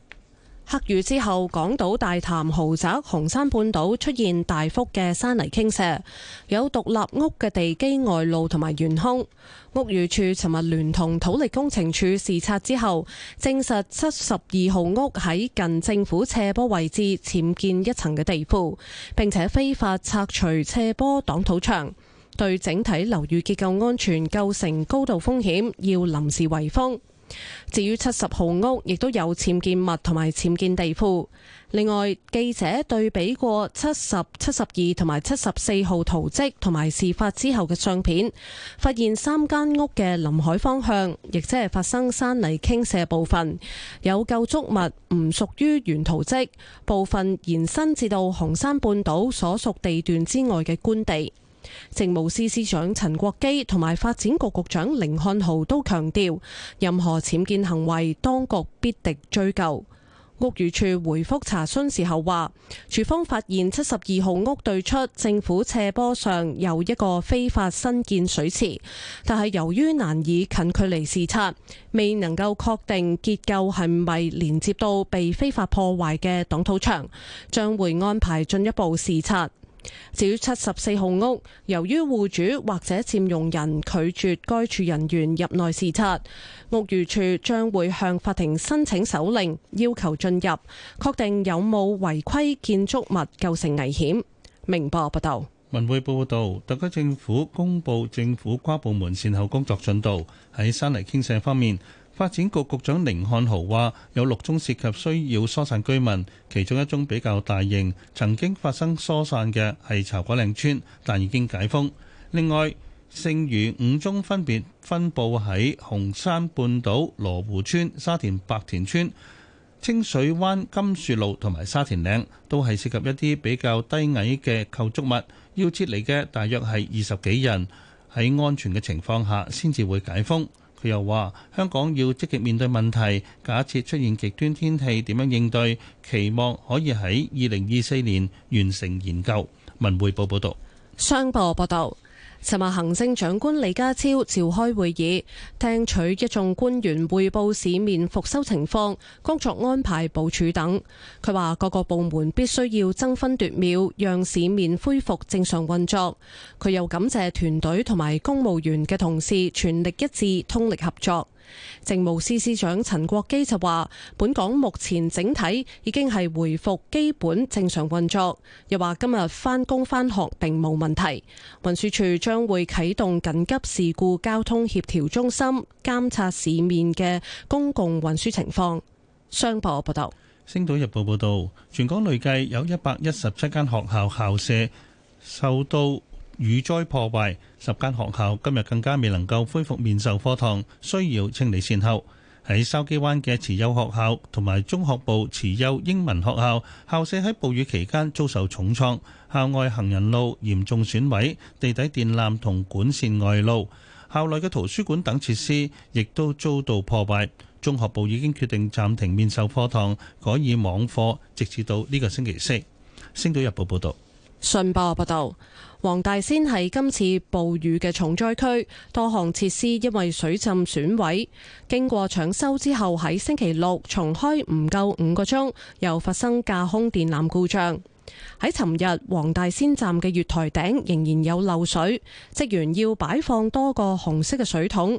黑雨之後，港島大潭豪宅紅山半島出現大幅嘅山泥傾瀉，有獨立屋嘅地基外露同埋懸空。屋宇署尋日聯同土力工程處視察之後，證實七十二號屋喺近政府斜坡位置僭建一層嘅地庫，並且非法拆除斜坡擋土牆，對整體樓宇結構安全構成高度風險，要臨時圍封。至於七十號屋亦都有僭建物同埋僭建地庫。另外，記者對比過七十、七十二同埋七十四號圖則同埋事發之後嘅相片，發現三間屋嘅臨海方向，亦即係發生山泥傾瀉部分，有構築物唔屬於原圖則，部分延伸至到紅山半島所屬地段之外嘅官地。政務司司長陳國基同埋發展局局長甯漢豪都強調，任何僭建行為，當局必定追究。屋宇署回覆查詢時候話，署方發現七十二號屋對出政府斜坡上有一個非法新建水池，但係由於難以近距離視察，未能夠確定結構係咪連接到被非法破壞嘅擋土牆，將會安排進一步視察。至於七十四號屋，由於戶主或者佔用人拒絕該處人員入內視察，屋宇處將會向法庭申請手令，要求進入，確定有冇違規建築物構成危險。明報報道，文匯報道，特區政府公布政府跨部門善後工作進度喺山泥傾瀉方面，發展局局長寧漢豪話：有六宗涉及需要疏散居民，其中一宗比較大型，曾經發生疏散嘅係茶果嶺村，但已經解封。另外，剩餘五宗分別分佈喺紅山半島、羅湖村、沙田白田村、清水灣金樹路同埋沙田嶺，都係涉及一啲比較低矮嘅構築物。要撤離嘅大約係二十幾人，喺安全嘅情況下先至會解封。佢又話：香港要積極面對問題，假設出現極端天氣點樣應對？期望可以喺二零二四年完成研究。文匯報報導，商報報導。尋日行政長官李家超召開會議，聽取一眾官員匯報市面復修情況、工作安排部署等。佢話各個部門必須要爭分奪秒，讓市面恢復正常運作。佢又感謝團隊同埋公務員嘅同事全力一致，通力合作。政務司司長陳國基就話，本港目前整體已經係回復基本正常運作，又話今日返工返學並冇問題。運輸處將會啟動緊急事故交通協調中心，監察市面嘅公共運輸情況。商報報道，《星島日報》報道，全港累計有一百一十七間學校校舍受到。雨災破壞十間學校，今日更加未能夠恢復面授課堂，需要清理善後。喺筲箕灣嘅慈幼學校同埋中學部慈幼英文學校，校舍喺暴雨期間遭受重創，校外行人路嚴重損毀，地底電纜同管綫外露，校內嘅圖書館等設施亦都遭到破壞。中學部已經決定暫停面授課堂，改以網課，直至到呢個星期四。星島日報報道，信報報道。黃大仙係今次暴雨嘅重災區，多項設施因為水浸損毀，經過搶修之後喺星期六重開唔夠五個鐘，又發生架空電纜故障。喺尋日，黃大仙站嘅月台頂仍然有漏水，職員要擺放多個紅色嘅水桶。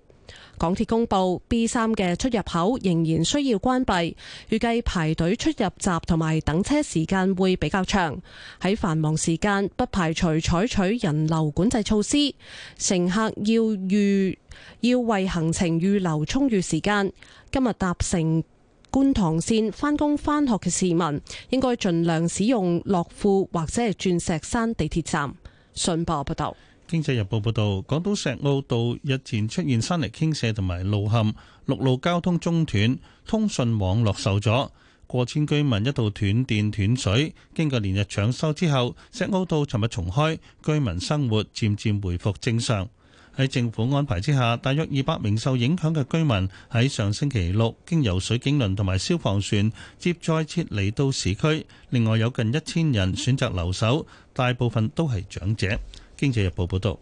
港鐵公布 B 三嘅出入口仍然需要關閉，預計排隊出入閘同埋等車時間會比較長。喺繁忙時間，不排除採取人流管制措施。乘客要預要為行程預留充裕時間。今日搭乘。觀塘線翻工翻學嘅市民應該盡量使用樂富或者係鑽石山地鐵站。信報報道，《經濟日報》報道，港島石澳道日前出現山泥傾瀉同埋路陷，陸路交通中斷，通訊網絡受阻，過千居民一度斷電斷水。經過連日搶修之後，石澳道尋日重開，居民生活漸漸回復正常。喺政府安排之下，大約二百名受影響嘅居民喺上星期六經由水警輪同埋消防船接載撤離到市區。另外有近一千人選擇留守，大部分都係長者。經濟日報報道，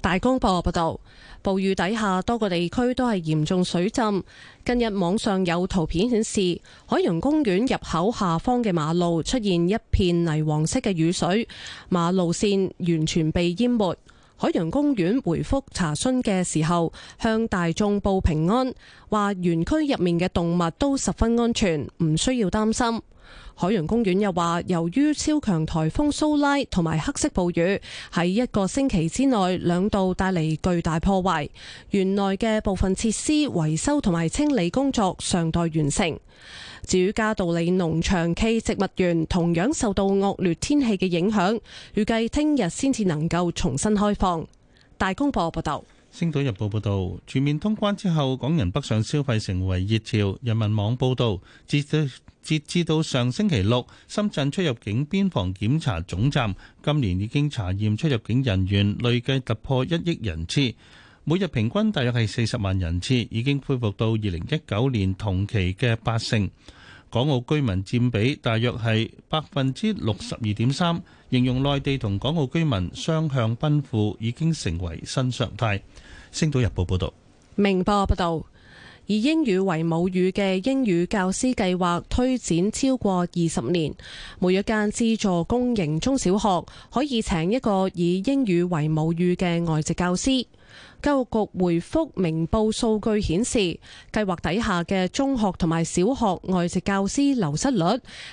大公報報道，暴雨底下多個地區都係嚴重水浸。近日網上有圖片顯示，海洋公園入口下方嘅馬路出現一片泥黃色嘅雨水，馬路線完全被淹沒。海洋公園回覆查詢嘅時候，向大眾報平安，話園區入面嘅動物都十分安全，唔需要擔心。海洋公園又話，由於超強颱風蘇拉同埋黑色暴雨喺一個星期之內兩度帶嚟巨大破壞，園內嘅部分設施維修同埋清理工作尚待完成。至於嘉道理農場暨植物園同樣受到惡劣天氣嘅影響，預計聽日先至能夠重新開放。大公報報道，《星島日報》報道，全面通關之後，港人北上消費成為熱潮。人民網報道，截至截至到上星期六，深圳出入境邊防檢查總站今年已經查驗出入境人員累計突破一億人次，每日平均大約係四十萬人次，已經恢復到二零一九年同期嘅八成。港澳居民佔比大約係百分之六十二點三，形容內地同港澳居民雙向奔赴已經成為新常態。星島日報報道。明報報道。以英語為母語嘅英語教師計劃推展超過二十年，每一間資助公營中小學可以請一個以英語為母語嘅外籍教師。教育局回覆明報數據顯示，計劃底下嘅中學同埋小學外籍教師流失率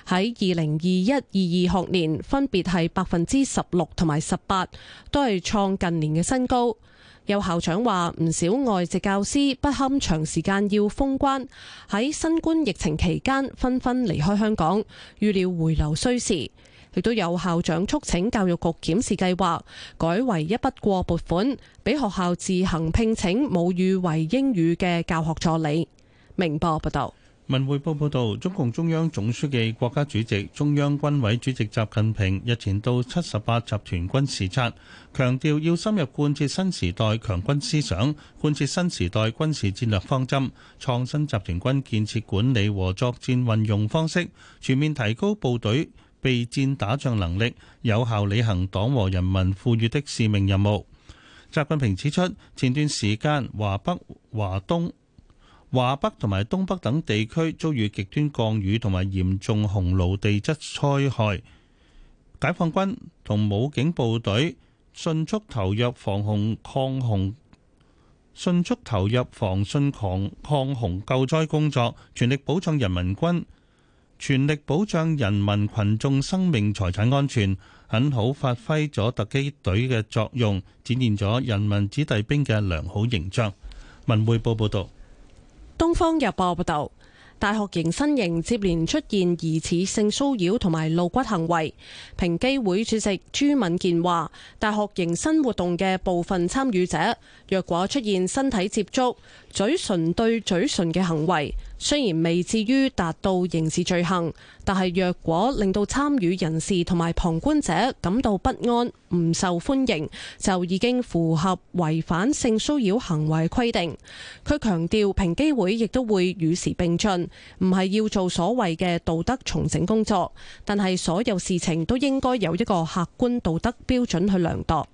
喺二零二一二二學年分別係百分之十六同埋十八，都係創近年嘅新高。有校長話，唔少外籍教師不堪長時間要封關，喺新冠疫情期間紛紛離開香港，預料回流需時。亦都有校長促請教育局檢視計劃，改為一筆過撥款，俾學校自行聘請母語為英語嘅教學助理。明報報道。文匯報報道，中共中央總書記、國家主席、中央軍委主席習近平日前到七十八集團軍視察，強調要深入貫徹新時代強軍思想，貫徹新時代軍事戰略方針，創新集團軍建設管理和作戰運用方式，全面提高部隊備戰打仗能力，有效履行黨和人民賦予的使命任務，習近平指出，前段時間華北、華東。華北同埋東北等地區遭遇極端降雨同埋嚴重洪澇地質災害，解放軍同武警部隊迅速投入防洪抗洪，迅速投入防汛抗抗洪救災工作，全力保障人民軍，全力保障人民群眾生命財產安全，很好發揮咗突擊隊嘅作用，展現咗人民子弟兵嘅良好形象。文匯報報道。東方日報報道，大學迎新營接連出現疑似性騷擾同埋露骨行為。平機會主席朱敏健話，大學迎新活動嘅部分參與者，若果出現身體接觸、嘴唇對嘴唇嘅行為，雖然未至於達到刑事罪行，但係若果令到參與人士同埋旁觀者感到不安、唔受歡迎，就已經符合違反性騷擾行為規定。佢強調，平機會亦都會與時並進，唔係要做所謂嘅道德重整工作，但係所有事情都應該有一個客觀道德標準去量度。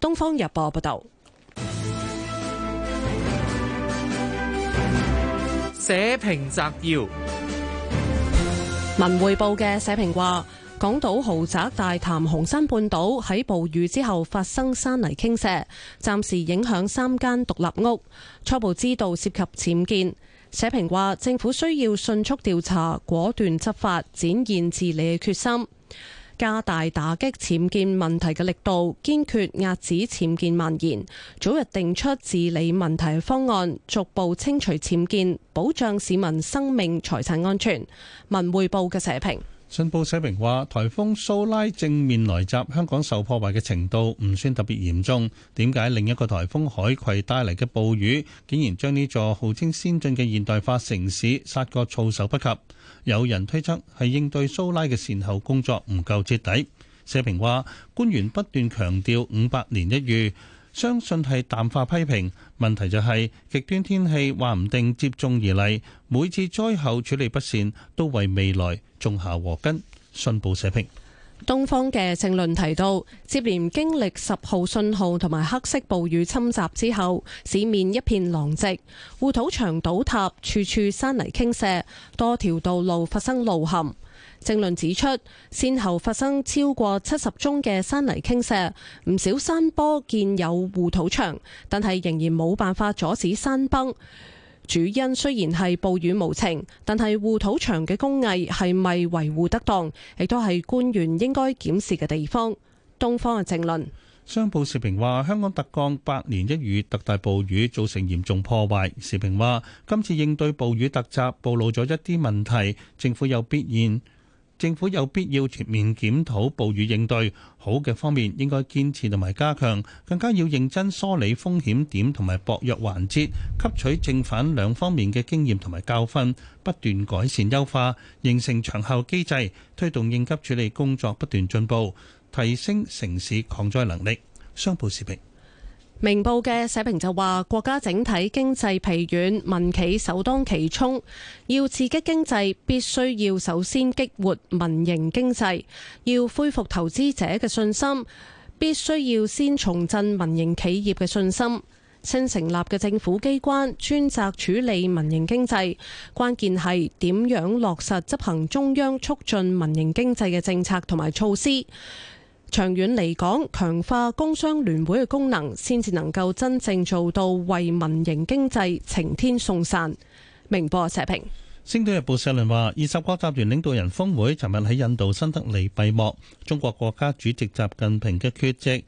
東方日報報道。社評摘要：文匯報嘅社評話，港島豪宅大潭紅山半島喺暴雨之後發生山泥傾瀉，暫時影響三間獨立屋，初步知道涉及僭建。社評話，政府需要迅速調查，果斷執法，展現治理嘅決心。加大打擊僭建問題嘅力度，堅決壓止僭建蔓延，早日定出治理問題嘅方案，逐步清除僭建，保障市民生命財產安全。文匯報嘅社評。信報社評話：颱風蘇拉正面來襲，香港受破壞嘅程度唔算特別嚴重。點解另一個颱風海葵帶嚟嘅暴雨，竟然將呢座號稱先進嘅現代化城市殺個措手不及？有人推測係應對蘇拉嘅善後工作唔夠徹底。社評話：官員不斷強調五百年一遇。相信係淡化批評，問題就係、是、極端天氣話唔定接踵而嚟，每次災後處理不善都為未來種下禍根。信報社評，東方嘅政論提到，接連經歷十號信號同埋黑色暴雨侵襲之後，市面一片狼藉，護土牆倒塌，處處山泥傾瀉，多條道路發生路陷。政論指出，先後發生超過七十宗嘅山泥傾瀉，唔少山坡建有護土牆，但係仍然冇辦法阻止山崩。主因雖然係暴雨無情，但係護土牆嘅工藝係咪維護得當，亦都係官員應該檢視嘅地方。東方嘅政論，商報時評話，香港突降百年一遇特大暴雨造成嚴重破壞。時評話，今次應對暴雨突襲暴露咗一啲問題，政府有必然。政府有必要全面檢討暴雨應對，好嘅方面應該堅持同埋加強，更加要認真梳理風險點同埋薄弱環節，吸取正反兩方面嘅經驗同埋教訓，不斷改善優化，形成長效機制，推動應急處理工作不斷進步，提升城市抗災能力。商報視頻。明報嘅社評就話：國家整體經濟疲軟，民企首當其衝。要刺激經濟，必須要首先激活民營經濟。要恢復投資者嘅信心，必須要先重振民營企業嘅信心。新成立嘅政府機關專責處理民營經濟，關鍵係點樣落實執行中央促進民營經濟嘅政策同埋措施。長遠嚟講，強化工商聯會嘅功能，先至能夠真正做到為民營經濟晴天送傘。《明報》社評，《星島日報》社論話：二十國集團領導人峰會尋日喺印度新德里閉幕，中國國家主席習近平嘅缺席。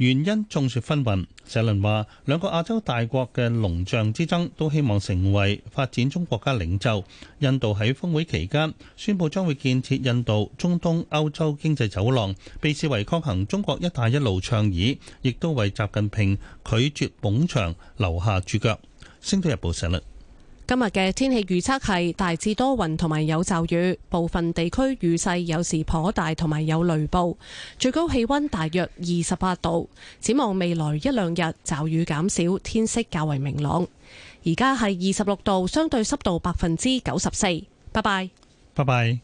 原因眾説紛紜。社論話，兩個亞洲大國嘅龍象之爭都希望成為發展中國家領袖。印度喺峰會期間宣佈將會建設印度中東歐洲經濟走廊，被視為抗衡中國「一帶一路」倡議，亦都為習近平拒絕捧場留下注腳。星島日報社論。今日嘅天氣預測係大致多雲同埋有驟雨，部分地區雨勢有時頗大同埋有雷暴，最高氣溫大約二十八度。展望未來一兩日，驟雨減少，天色較為明朗。而家係二十六度，相對濕度百分之九十四。拜拜。拜拜。